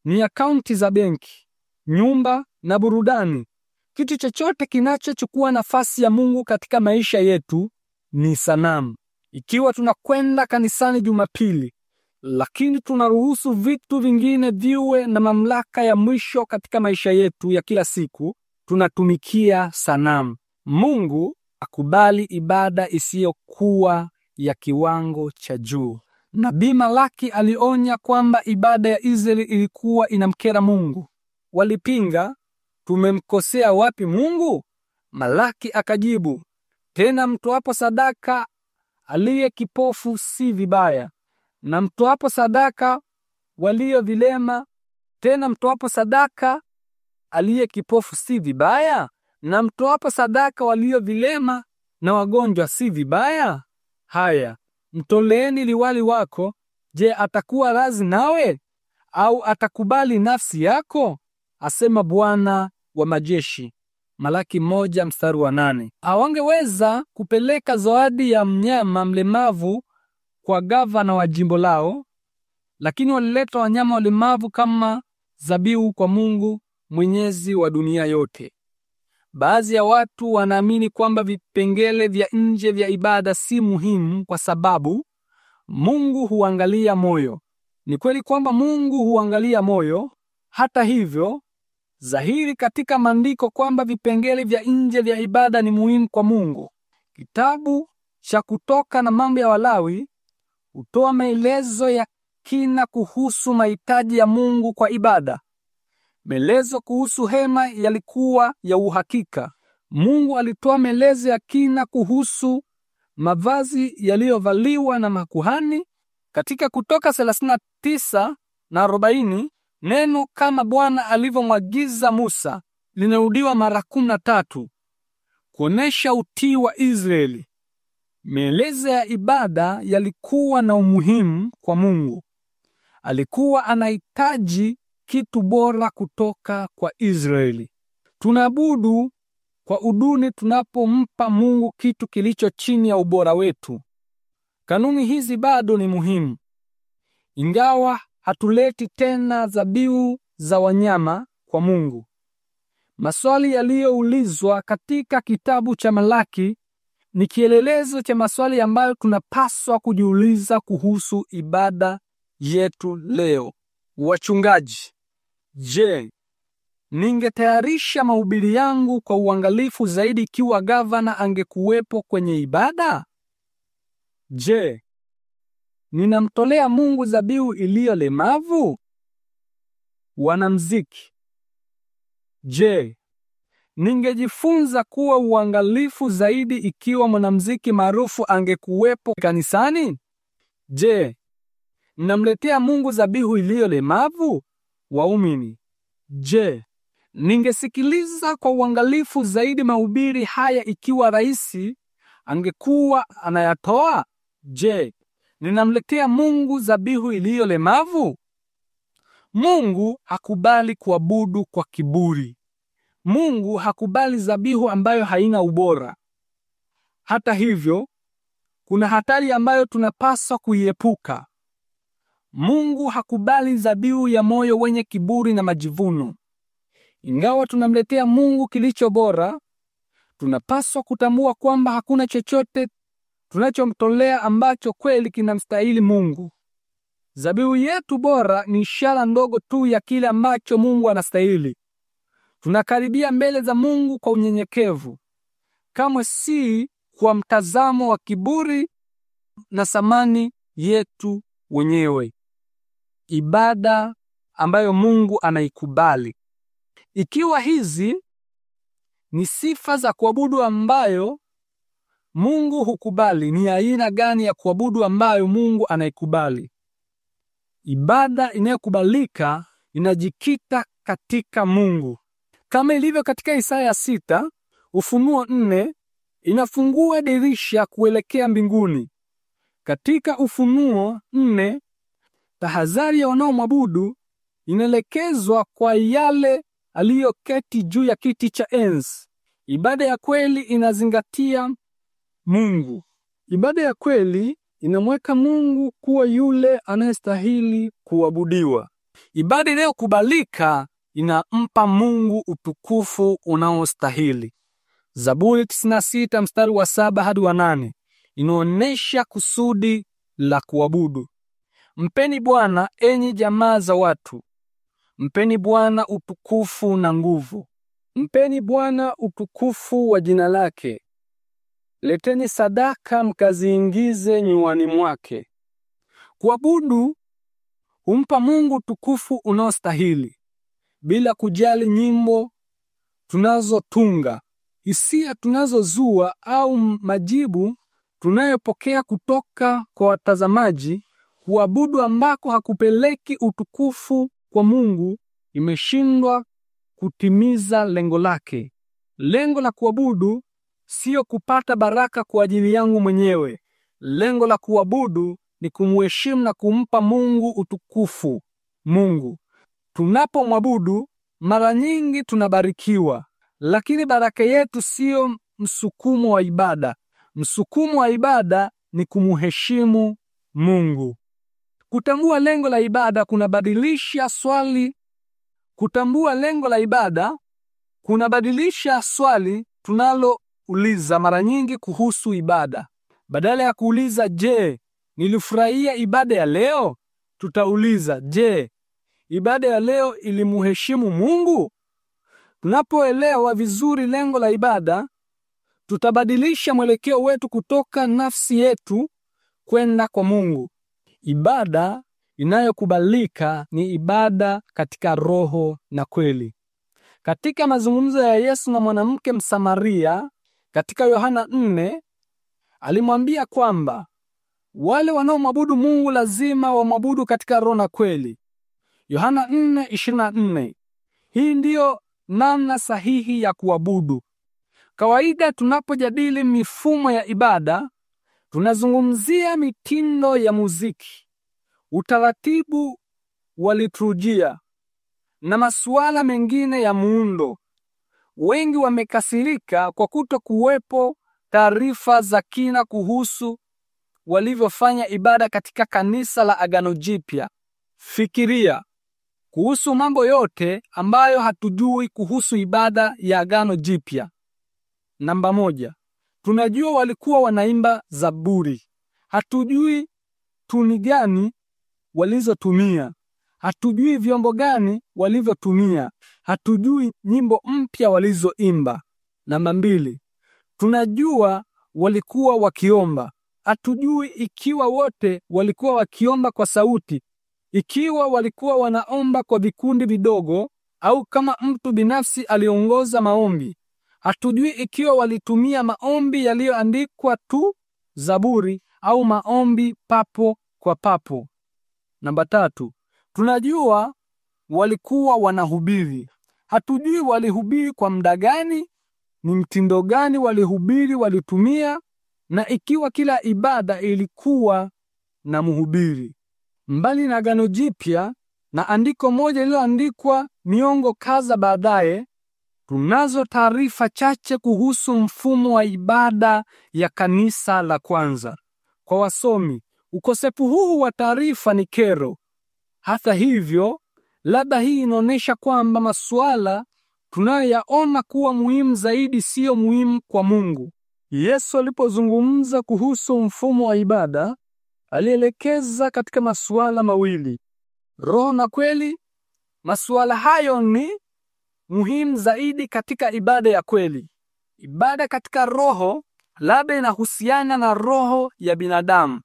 ni akaunti za benki, nyumba na burudani. Kitu chochote kinachochukua nafasi ya Mungu katika maisha yetu ni sanamu. Ikiwa tunakwenda kanisani Jumapili, lakini tunaruhusu vitu vingine viwe na mamlaka ya mwisho katika maisha yetu ya kila siku, tunatumikia sanamu. Mungu akubali ibada isiyokuwa ya kiwango cha juu. Nabii Malaki alionya kwamba ibada ya Israeli ilikuwa inamkera Mungu. Walipinga, tumemkosea wapi Mungu? Malaki akajibu, tena mtoapo sadaka aliye kipofu si vibaya, na mtoapo sadaka walio vilema, tena mtoapo sadaka aliye kipofu si vibaya, na mtoapo sadaka walio vilema na wagonjwa si vibaya. Haya, Mtoleeni liwali wako. Je, atakuwa razi nawe au atakubali nafsi yako? Asema Bwana wa majeshi. Malaki moja mstari wa nane. Hawangeweza kupeleka zawadi ya mnyama mlemavu kwa gavana wa jimbo lao, lakini walileta wanyama walemavu kama zabihu kwa Mungu mwenyezi wa dunia yote. Baadhi ya watu wanaamini kwamba vipengele vya nje vya ibada si muhimu kwa sababu Mungu huangalia moyo. Ni kweli kwamba Mungu huangalia moyo. Hata hivyo, dhahiri katika maandiko kwamba vipengele vya nje vya ibada ni muhimu kwa Mungu. Kitabu cha Kutoka na Mambo ya Walawi hutoa maelezo ya kina kuhusu mahitaji ya Mungu kwa ibada. Maelezo kuhusu hema yalikuwa ya uhakika. Mungu alitoa maelezo ya kina kuhusu mavazi yaliyovaliwa na makuhani katika Kutoka 39 na 40. Neno kama Bwana alivyomwagiza Musa linarudiwa mara kumi na tatu kuonesha utii wa Israeli. Maelezo ya ibada yalikuwa na umuhimu kwa Mungu. Alikuwa anahitaji kitu bora kutoka kwa Israeli. Tunabudu kwa uduni tunapompa Mungu kitu kilicho chini ya ubora wetu. Kanuni hizi bado ni muhimu. Ingawa hatuleti tena dhabihu za wanyama kwa Mungu. Maswali yaliyoulizwa katika kitabu cha Malaki ni kielelezo cha maswali ambayo tunapaswa kujiuliza kuhusu ibada yetu leo. Wachungaji, Je, ningetayarisha mahubiri yangu kwa uangalifu zaidi ikiwa gavana angekuwepo kwenye ibada? Je, ninamtolea Mungu dhabihu iliyo lemavu? Wanamziki, je, ningejifunza kuwa uangalifu zaidi ikiwa mwanamziki maarufu angekuwepo kanisani? Je, ninamletea Mungu dhabihu iliyo lemavu? Waumini, je, ningesikiliza kwa uangalifu zaidi mahubiri haya ikiwa rais angekuwa anayatoa? Je, ninamletea Mungu dhabihu iliyo lemavu? Mungu hakubali kuabudu kwa kiburi. Mungu hakubali dhabihu ambayo haina ubora. Hata hivyo, kuna hatari ambayo tunapaswa kuiepuka. Mungu hakubali dhabihu ya moyo wenye kiburi na majivuno. Ingawa tunamletea Mungu kilicho bora, tunapaswa kutambua kwamba hakuna chochote tunachomtolea ambacho kweli kinamstahili Mungu. Dhabihu yetu bora ni ishara ndogo tu ya kile ambacho Mungu anastahili. Tunakaribia mbele za Mungu kwa unyenyekevu, kamwe si kwa mtazamo wa kiburi na samani yetu wenyewe ibada ambayo Mungu anaikubali. Ikiwa hizi ni sifa za kuabudu ambayo Mungu hukubali, ni aina gani ya kuabudu ambayo Mungu anaikubali? Ibada inayokubalika inajikita katika Mungu kama ilivyo katika Isaya sita, Ufunuo nne inafungua dirisha kuelekea mbinguni. Katika Ufunuo nne Tahadhari ya wanaomwabudu inaelekezwa kwa yale aliyoketi juu ya kiti cha enzi. Ibada ya kweli inazingatia Mungu. Ibada ya kweli inamweka Mungu kuwa yule anayestahili kuabudiwa. Ibada inayokubalika inampa Mungu utukufu unaostahili. Zaburi 96 mstari wa saba hadi wa nane inaonyesha kusudi la kuabudu. Mpeni Bwana, enyi jamaa za watu, mpeni Bwana utukufu na nguvu, mpeni Bwana utukufu wa jina lake. Leteni sadaka mkaziingize nyuani mwake. Kuabudu humpa Mungu tukufu unaostahili bila kujali nyimbo tunazotunga, hisia tunazozua au majibu tunayopokea kutoka kwa watazamaji kuabudu ambako hakupeleki utukufu kwa Mungu imeshindwa kutimiza lengo lake. Lengo la kuabudu sio kupata baraka kwa ajili yangu mwenyewe. Lengo la kuabudu ni kumheshimu na kumpa Mungu utukufu. Mungu tunapomwabudu, mara nyingi tunabarikiwa, lakini baraka yetu siyo msukumo wa ibada. Msukumo wa ibada ni kumheshimu Mungu. Kutambua lengo la ibada kunabadilisha swali. Kutambua lengo la ibada kunabadilisha swali tunalouliza mara nyingi kuhusu ibada. Badala ya kuuliza je, nilifurahia ibada ya leo, tutauliza je, ibada ya leo ilimuheshimu Mungu? Tunapoelewa vizuri lengo la ibada, tutabadilisha mwelekeo wetu kutoka nafsi yetu kwenda kwa Mungu. Ibada inayokubalika ni ibada katika roho na kweli. Katika mazungumzo ya Yesu na mwanamke Msamaria katika Yohana 4 alimwambia kwamba wale wanaomwabudu Mungu lazima wamwabudu katika roho na kweli. Yohana 4:24. Hii ndiyo namna sahihi ya kuabudu. Kawaida tunapojadili mifumo ya ibada, Tunazungumzia mitindo ya muziki, utaratibu wa liturujia na masuala mengine ya muundo. Wengi wamekasirika kwa kuto kuwepo taarifa za kina kuhusu walivyofanya ibada katika kanisa la Agano Jipya. Fikiria kuhusu mambo yote ambayo hatujui kuhusu ibada ya Agano Jipya. Namba moja, Tunajua walikuwa wanaimba zaburi, hatujui tuni gani walizotumia, hatujui vyombo gani walivyotumia, hatujui nyimbo mpya walizoimba. Namba mbili, tunajua walikuwa wakiomba, hatujui ikiwa wote walikuwa wakiomba kwa sauti, ikiwa walikuwa wanaomba kwa vikundi vidogo, au kama mtu binafsi aliongoza maombi. Hatujui ikiwa walitumia maombi yaliyoandikwa tu Zaburi au maombi papo kwa papo. Namba tatu, tunajua walikuwa wanahubiri. Hatujui walihubiri kwa muda gani, ni mtindo gani walihubiri walitumia, na ikiwa kila ibada ilikuwa na mhubiri. Mbali na Agano Jipya na andiko moja lililoandikwa miongo kadha baadaye, Tunazo taarifa chache kuhusu mfumo wa ibada ya kanisa la kwanza. Kwa wasomi, ukosefu huu wa taarifa ni kero. Hata hivyo, labda hii inaonyesha kwamba masuala tunayoyaona kuwa muhimu zaidi siyo muhimu kwa Mungu. Yesu alipozungumza kuhusu mfumo wa ibada, alielekeza katika masuala mawili: roho na kweli. Masuala hayo ni muhimu zaidi katika ibada ya kweli. Ibada katika roho labda inahusiana na roho ya binadamu.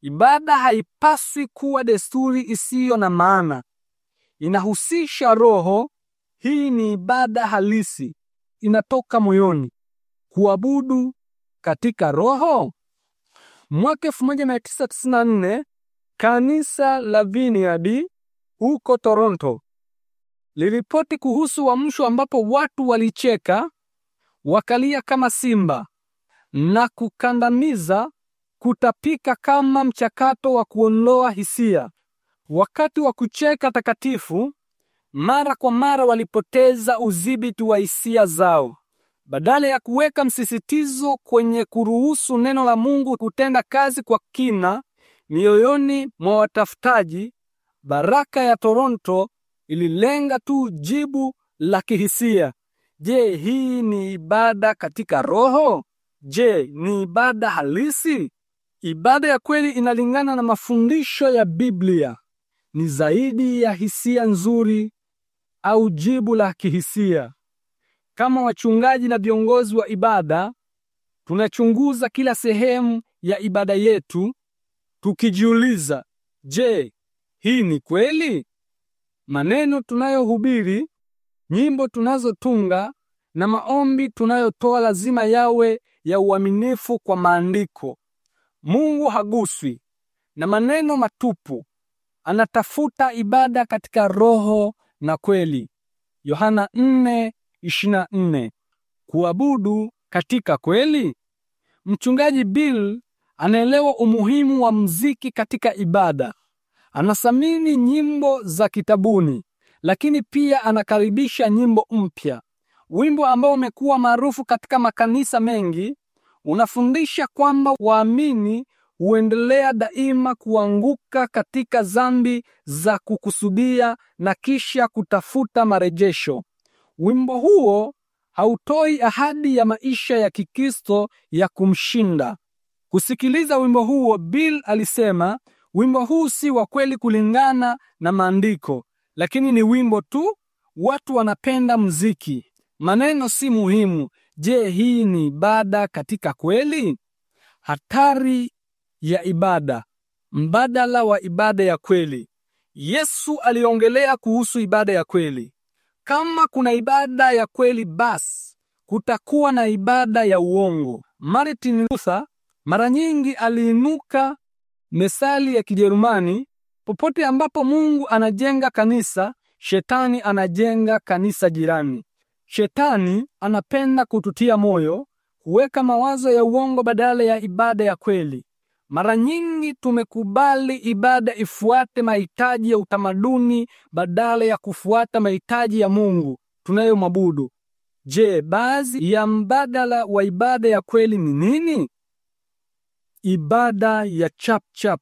Ibada haipaswi kuwa desturi isiyo na maana, inahusisha roho. Hii ni ibada halisi, inatoka moyoni. Kuabudu katika roho. Mwaka 1994 kanisa la Vineyard huko Toronto liripoti kuhusu amsho wa ambapo watu walicheka, wakalia kama simba na kukandamiza kutapika kama mchakato wa kuondoa hisia. Wakati wa kucheka takatifu, mara kwa mara walipoteza udhibiti wa hisia zao. Badala ya kuweka msisitizo kwenye kuruhusu neno la Mungu kutenda kazi kwa kina mioyoni mwa watafutaji, baraka ya Toronto ililenga tu jibu la kihisia. Je, hii ni ibada katika roho? Je, ni ibada halisi? Ibada ya kweli inalingana na mafundisho ya Biblia, ni zaidi ya hisia nzuri au jibu la kihisia. Kama wachungaji na viongozi wa ibada, tunachunguza kila sehemu ya ibada yetu tukijiuliza, je, hii ni kweli? maneno tunayohubiri, nyimbo tunazotunga na maombi tunayotoa lazima yawe ya uaminifu kwa maandiko. Mungu haguswi na maneno matupu, anatafuta ibada katika roho na kweli. Yohana 4:24. Kuabudu katika kweli. Mchungaji Bill anaelewa umuhimu wa mziki katika ibada. Anathamini nyimbo za kitabuni, lakini pia anakaribisha nyimbo mpya. Wimbo ambao umekuwa maarufu katika makanisa mengi unafundisha kwamba waamini huendelea daima kuanguka katika dhambi za kukusudia na kisha kutafuta marejesho. Wimbo huo hautoi ahadi ya maisha ya Kikristo ya kumshinda. Kusikiliza wimbo huo, Bill alisema Wimbo huu si wa kweli kulingana na maandiko, lakini ni wimbo tu. Watu wanapenda mziki, maneno si muhimu. Je, hii ni ibada katika kweli? Hatari ya ibada mbadala wa ibada ya kweli. Yesu aliongelea kuhusu ibada ya kweli. Kama kuna ibada ya kweli, basi kutakuwa na ibada ya uongo. Martin Luther mara nyingi aliinuka Methali ya Kijerumani, popote ambapo Mungu anajenga kanisa, shetani anajenga kanisa jirani. Shetani anapenda kututia moyo, kuweka mawazo ya uongo badala ya ibada ya kweli. Mara nyingi tumekubali ibada ifuate mahitaji ya utamaduni badala ya kufuata mahitaji ya Mungu tunayomwabudu. Je, baadhi ya mbadala wa ibada ya kweli ni nini? ibada ya chap -chap.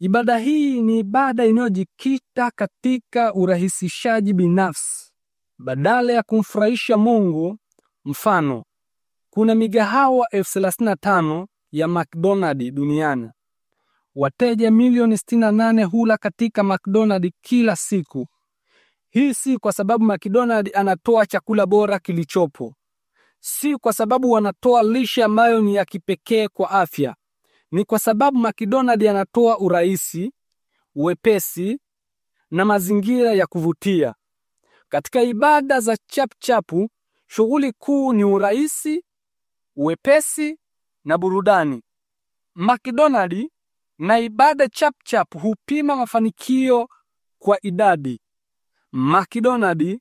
Ibada hii ni ibada inayojikita katika urahisishaji binafsi badala ya kumfurahisha Mungu. Mfano, kuna migahawa elfu 35 ya McDonald's duniani. Wateja milioni 68 hula katika McDonald's kila siku. Hii si kwa sababu McDonald's anatoa chakula bora kilichopo, si kwa sababu wanatoa lishe ambayo ni ya kipekee kwa afya. Ni kwa sababu McDonald yanatoa urahisi, uwepesi na mazingira ya kuvutia. Katika ibada za chapchapu, shughuli kuu ni urahisi, uwepesi na burudani. McDonald na ibada chapchap hupima mafanikio kwa idadi. McDonald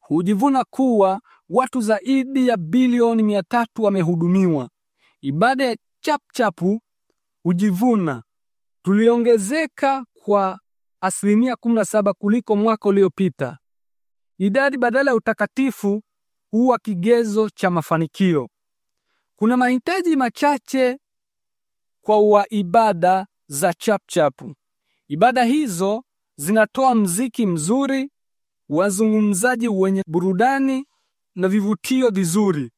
hujivuna kuwa watu zaidi ya bilioni mia tatu wamehudumiwa. Ibada ya chapchapu hujivuna tuliongezeka kwa asilimia 17 kuliko mwaka uliopita. Idadi badala ya utakatifu huwa kigezo cha mafanikio. Kuna mahitaji machache kwa wa ibada za chapchapu. Ibada hizo zinatoa mziki mzuri, wazungumzaji wenye burudani na vivutio vizuri,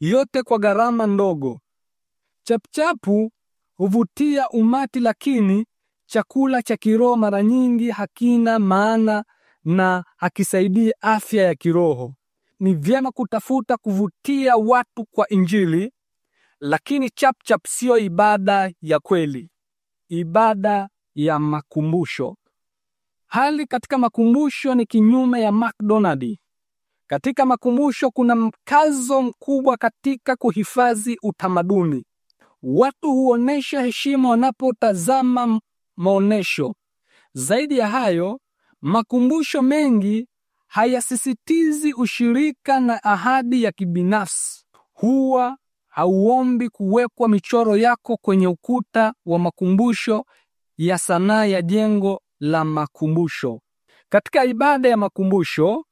yote kwa gharama ndogo. Chapchapu huvutia umati, lakini chakula cha kiroho mara nyingi hakina maana na hakisaidii afya ya kiroho. Ni vyema kutafuta kuvutia watu kwa Injili, lakini chapchap siyo ibada ya kweli, ibada ya makumbusho. Hali katika makumbusho ni kinyume ya McDonald. Katika makumbusho kuna mkazo mkubwa katika kuhifadhi utamaduni. Watu huonesha heshima wanapotazama maonesho. Zaidi ya hayo, makumbusho mengi hayasisitizi ushirika na ahadi ya kibinafsi. Huwa hauombi kuwekwa michoro yako kwenye ukuta wa makumbusho ya sanaa ya jengo la makumbusho. Katika ibada ya makumbusho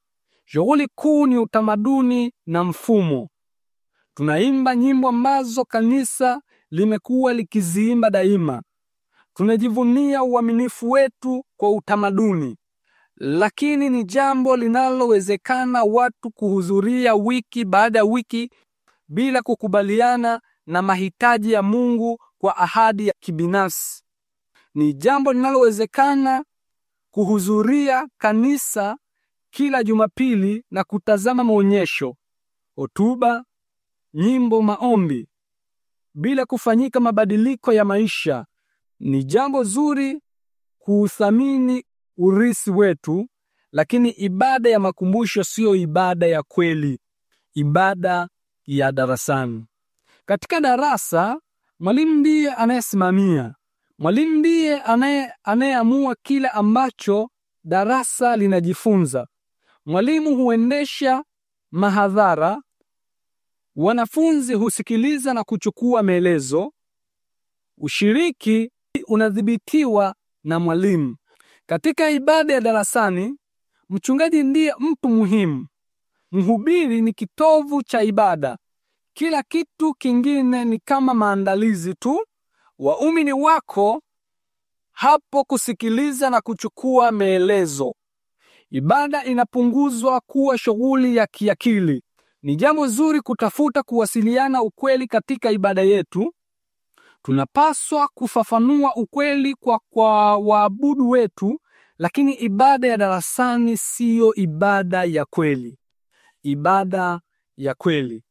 Shughuli kuu ni utamaduni na mfumo. Tunaimba nyimbo ambazo kanisa limekuwa likiziimba daima. Tunajivunia uaminifu wetu kwa utamaduni, lakini ni jambo linalowezekana watu kuhudhuria wiki baada ya wiki bila kukubaliana na mahitaji ya Mungu kwa ahadi ya kibinafsi. Ni jambo linalowezekana kuhudhuria kanisa kila Jumapili na kutazama maonyesho, hotuba, nyimbo, maombi bila kufanyika mabadiliko ya maisha, ni jambo zuri kuuthamini urisi wetu, lakini ibada ya makumbusho siyo ibada ya kweli, ibada ya darasani. Katika darasa, mwalimu ndiye anayesimamia, mwalimu ndiye anayeamua kile ambacho darasa linajifunza. Mwalimu huendesha mahadhara, wanafunzi husikiliza na kuchukua maelezo. Ushiriki unadhibitiwa na mwalimu. Katika ibada ya darasani, mchungaji ndiye mtu muhimu. Mhubiri ni kitovu cha ibada. Kila kitu kingine ni kama maandalizi tu. Waumini wako hapo kusikiliza na kuchukua maelezo. Ibada inapunguzwa kuwa shughuli ya kiakili. Ni jambo zuri kutafuta kuwasiliana ukweli katika ibada yetu. Tunapaswa kufafanua ukweli kwa, kwa waabudu wetu, lakini ibada ya darasani siyo ibada ya kweli. Ibada ya kweli,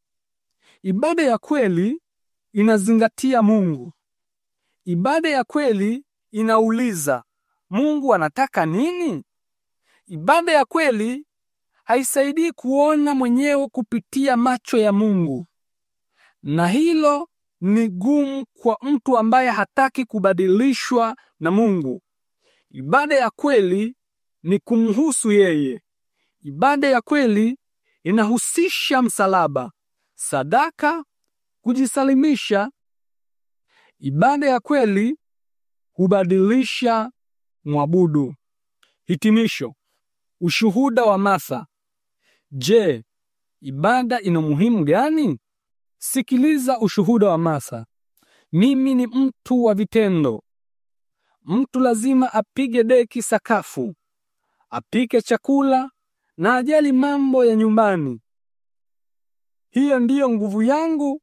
ibada ya kweli inazingatia Mungu. Ibada ya kweli inauliza Mungu anataka nini? Ibada ya kweli haisaidii kuona mwenyewe kupitia macho ya Mungu, na hilo ni gumu kwa mtu ambaye hataki kubadilishwa na Mungu. Ibada ya kweli ni kumhusu yeye. Ibada ya kweli inahusisha msalaba, sadaka, kujisalimisha. Ibada ya kweli hubadilisha mwabudu. Hitimisho. Ushuhuda wa Martha. Je, ibada ina muhimu gani? Sikiliza ushuhuda wa Martha. Mimi ni mtu wa vitendo. Mtu lazima apige deki sakafu, apike chakula na ajali mambo ya nyumbani. Hiyo ndiyo nguvu yangu.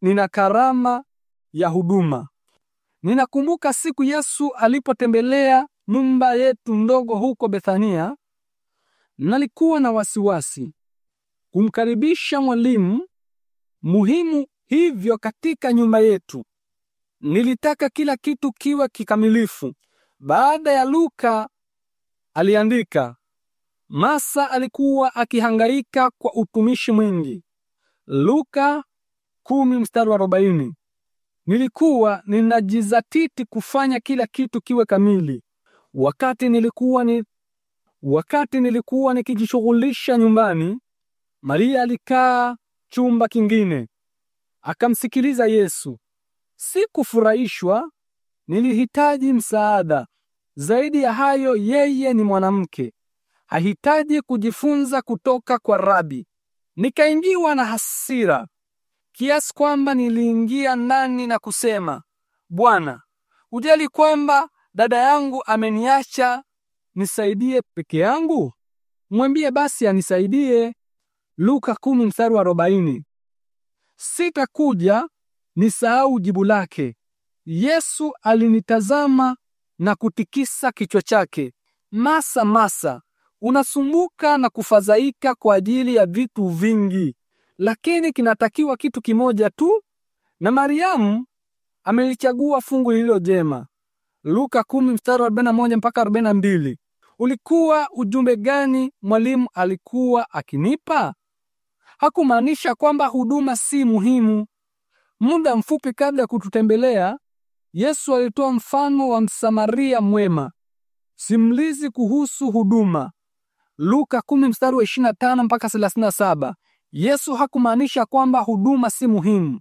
Nina karama ya huduma. Ninakumbuka siku Yesu alipotembelea nyumba yetu ndogo huko Bethania, nalikuwa na wasiwasi kumkaribisha mwalimu muhimu hivyo katika nyumba yetu. Nilitaka kila kitu kiwe kikamilifu. Baada ya Luka aliandika, Masa alikuwa akihangaika kwa utumishi mwingi. Luka 10 mstari wa Nilikuwa ninajizatiti kufanya kila kitu kiwe kamili. Wakati nilikuwa ni wakati nilikuwa nikijishughulisha nyumbani, Maria alikaa chumba kingine akamsikiliza Yesu. Sikufurahishwa, nilihitaji msaada. Zaidi ya hayo, yeye ni mwanamke, hahitaji kujifunza kutoka kwa rabi. Nikaingiwa na hasira kiasi kwamba niliingia ndani na kusema, Bwana, ujali kwamba dada yangu ameniacha, nisaidie peke yangu? Mwambie basi anisaidie. Luka kumi mstari wa arobaini. Sitakuja nisahau jibu lake. Yesu alinitazama na kutikisa kichwa chake. Masa, Masa, unasumbuka na kufadhaika kwa ajili ya vitu vingi, lakini kinatakiwa kitu kimoja tu, na Mariamu amelichagua fungu lililo jema. Luka 10 mstari 41 mpaka 42. Ulikuwa ujumbe gani mwalimu alikuwa akinipa? Hakumaanisha kwamba huduma si muhimu. Muda mfupi kabla ya kututembelea, Yesu alitoa mfano wa Msamaria mwema, simulizi kuhusu huduma, Luka 10 mstari wa 25 mpaka 37. Yesu hakumaanisha kwamba huduma si muhimu.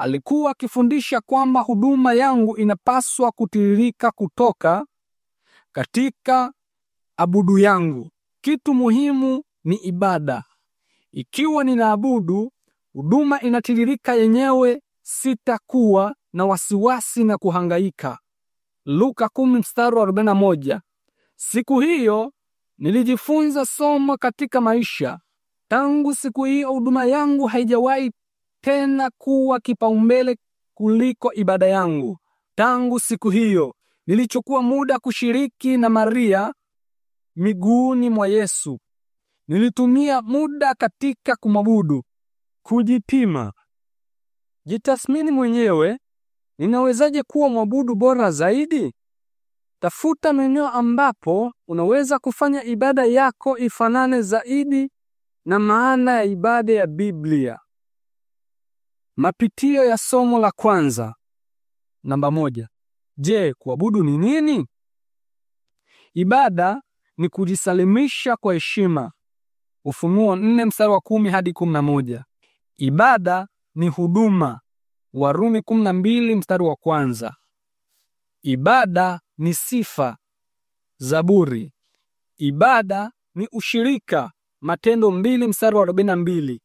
Alikuwa akifundisha kwamba huduma yangu inapaswa kutiririka kutoka katika abudu yangu. Kitu muhimu ni ibada. Ikiwa ninaabudu, huduma inatiririka yenyewe, sitakuwa na wasiwasi na kuhangaika. Luka 10 mstari wa 41. Siku hiyo nilijifunza somo katika maisha. Tangu siku hiyo huduma yangu haijawahi tena kuwa kipaumbele kuliko ibada yangu. Tangu siku hiyo nilichukua muda kushiriki na Maria miguuni mwa Yesu. Nilitumia muda katika kumwabudu, kujipima, jitathmini mwenyewe, ninawezaje kuwa mwabudu bora zaidi? Tafuta maeneo ambapo unaweza kufanya ibada yako ifanane zaidi na maana ya ibada ya Biblia. Mapitio ya somo la kwanza. Namba moja. Je, kuabudu ni nini? Ibada ni kujisalimisha kwa heshima. Ufunuo nne mstari wa kumi hadi kumi na moja. Ibada ni huduma. Warumi kumi na mbili mstari wa kwanza. Ibada ni sifa. Zaburi. Ibada ni ushirika. Matendo mbili mstari wa arobaini na mbili.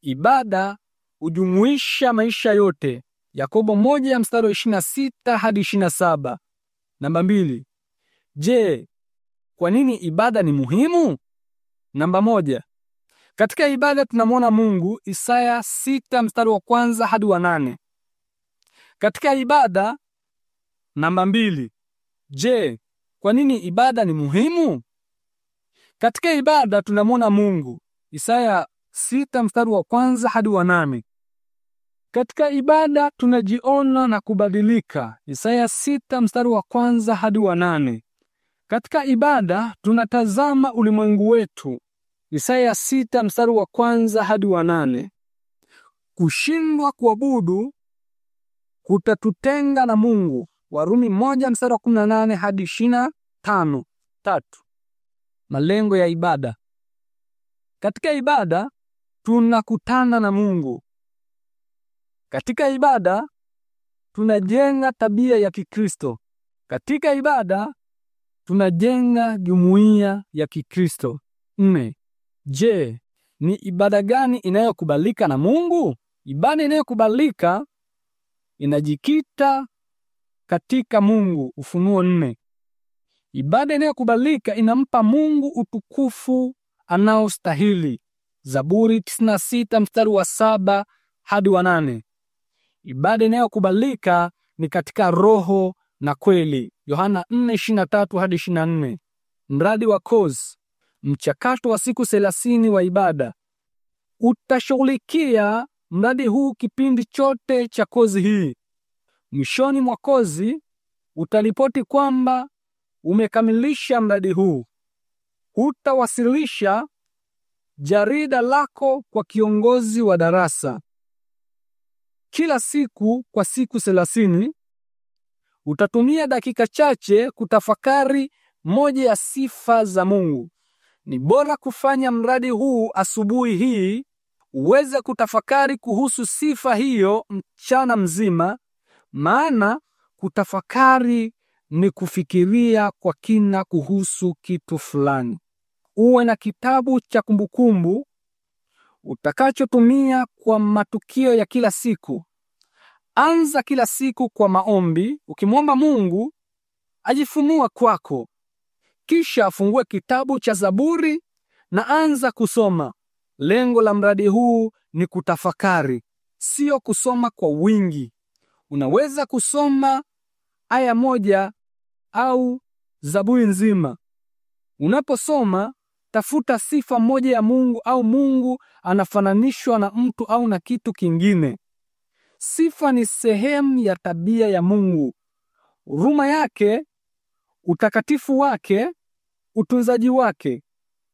Ibada hujumuisha maisha yote. Yakobo moja ya mstari wa sita hadi saba. Namba mbili. Je, kwa nini ibada ni muhimu? Namba moja. Katika ibada tunamwona Mungu, Isaya sita mstari wa kwanza hadi wa nane. Katika ibada namba mbili. Je, kwa nini ibada ni muhimu? Katika ibada tunamwona Mungu, Isaya sita mstari wa kwanza hadi wa nane. Katika ibada tunajiona na kubadilika. Isaya sita mstari wa kwanza hadi wa nane. Katika ibada tunatazama ulimwengu wetu. Isaya sita mstari wa kwanza hadi wa nane. Kushindwa kuabudu kutatutenga na Mungu. Warumi moja mstari wa nane hadi tano. Tatu. Malengo ya ibada. Katika ibada tunakutana na Mungu. Katika ibada tunajenga tabia ya Kikristo. Katika ibada tunajenga jumuiya ya Kikristo. Nne. Je, ni ibada gani inayokubalika na Mungu? Ibada inayokubalika inajikita katika Mungu. Ufunuo nne. Ibada inayokubalika inampa Mungu utukufu anaostahili. Zaburi 96 mstari wa saba hadi wa nane. Ibada inayokubalika ni katika roho na kweli, Yohana 4:23 hadi 24. Mradi wa kozi, mchakato wa siku 30 wa ibada. Utashughulikia mradi huu kipindi chote cha kozi hii. Mwishoni mwa kozi utaripoti kwamba umekamilisha mradi huu. Utawasilisha jarida lako kwa kiongozi wa darasa. Kila siku kwa siku thelathini utatumia dakika chache kutafakari moja ya sifa za Mungu. Ni bora kufanya mradi huu asubuhi hii, uweze kutafakari kuhusu sifa hiyo mchana mzima, maana kutafakari ni kufikiria kwa kina kuhusu kitu fulani. Uwe na kitabu cha kumbukumbu utakachotumia kwa matukio ya kila siku. Anza kila siku kwa maombi, ukimwomba Mungu ajifunua kwako. Kisha afungue kitabu cha Zaburi na anza kusoma. Lengo la mradi huu ni kutafakari, sio kusoma kwa wingi. Unaweza kusoma aya moja au Zaburi nzima. Unaposoma Tafuta sifa moja ya Mungu au Mungu anafananishwa na mtu au na kitu kingine. Sifa ni sehemu ya tabia ya Mungu. Huruma yake, utakatifu wake, utunzaji wake.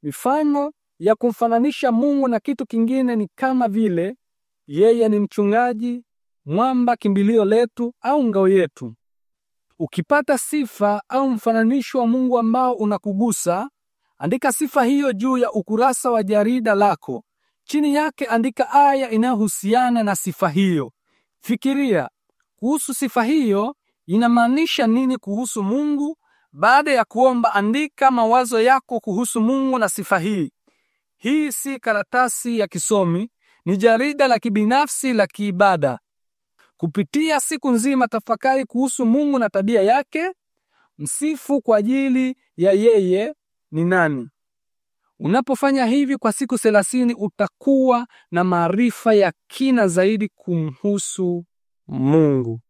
Mifano ya kumfananisha Mungu na kitu kingine ni kama vile yeye ni mchungaji, mwamba kimbilio letu au ngao yetu. Ukipata sifa au mfananisho wa Mungu ambao unakugusa Andika sifa hiyo juu ya ukurasa wa jarida lako. Chini yake andika aya inayohusiana na sifa hiyo. Fikiria kuhusu sifa hiyo inamaanisha nini kuhusu Mungu. Baada ya kuomba, andika mawazo yako kuhusu Mungu na sifa hii. Hii si karatasi ya kisomi, ni jarida la kibinafsi la kiibada. Kupitia siku nzima, tafakari kuhusu Mungu na tabia yake. Msifu kwa ajili ya yeye ni nani. Unapofanya hivi kwa siku thelathini utakuwa na maarifa ya kina zaidi kumhusu Mungu.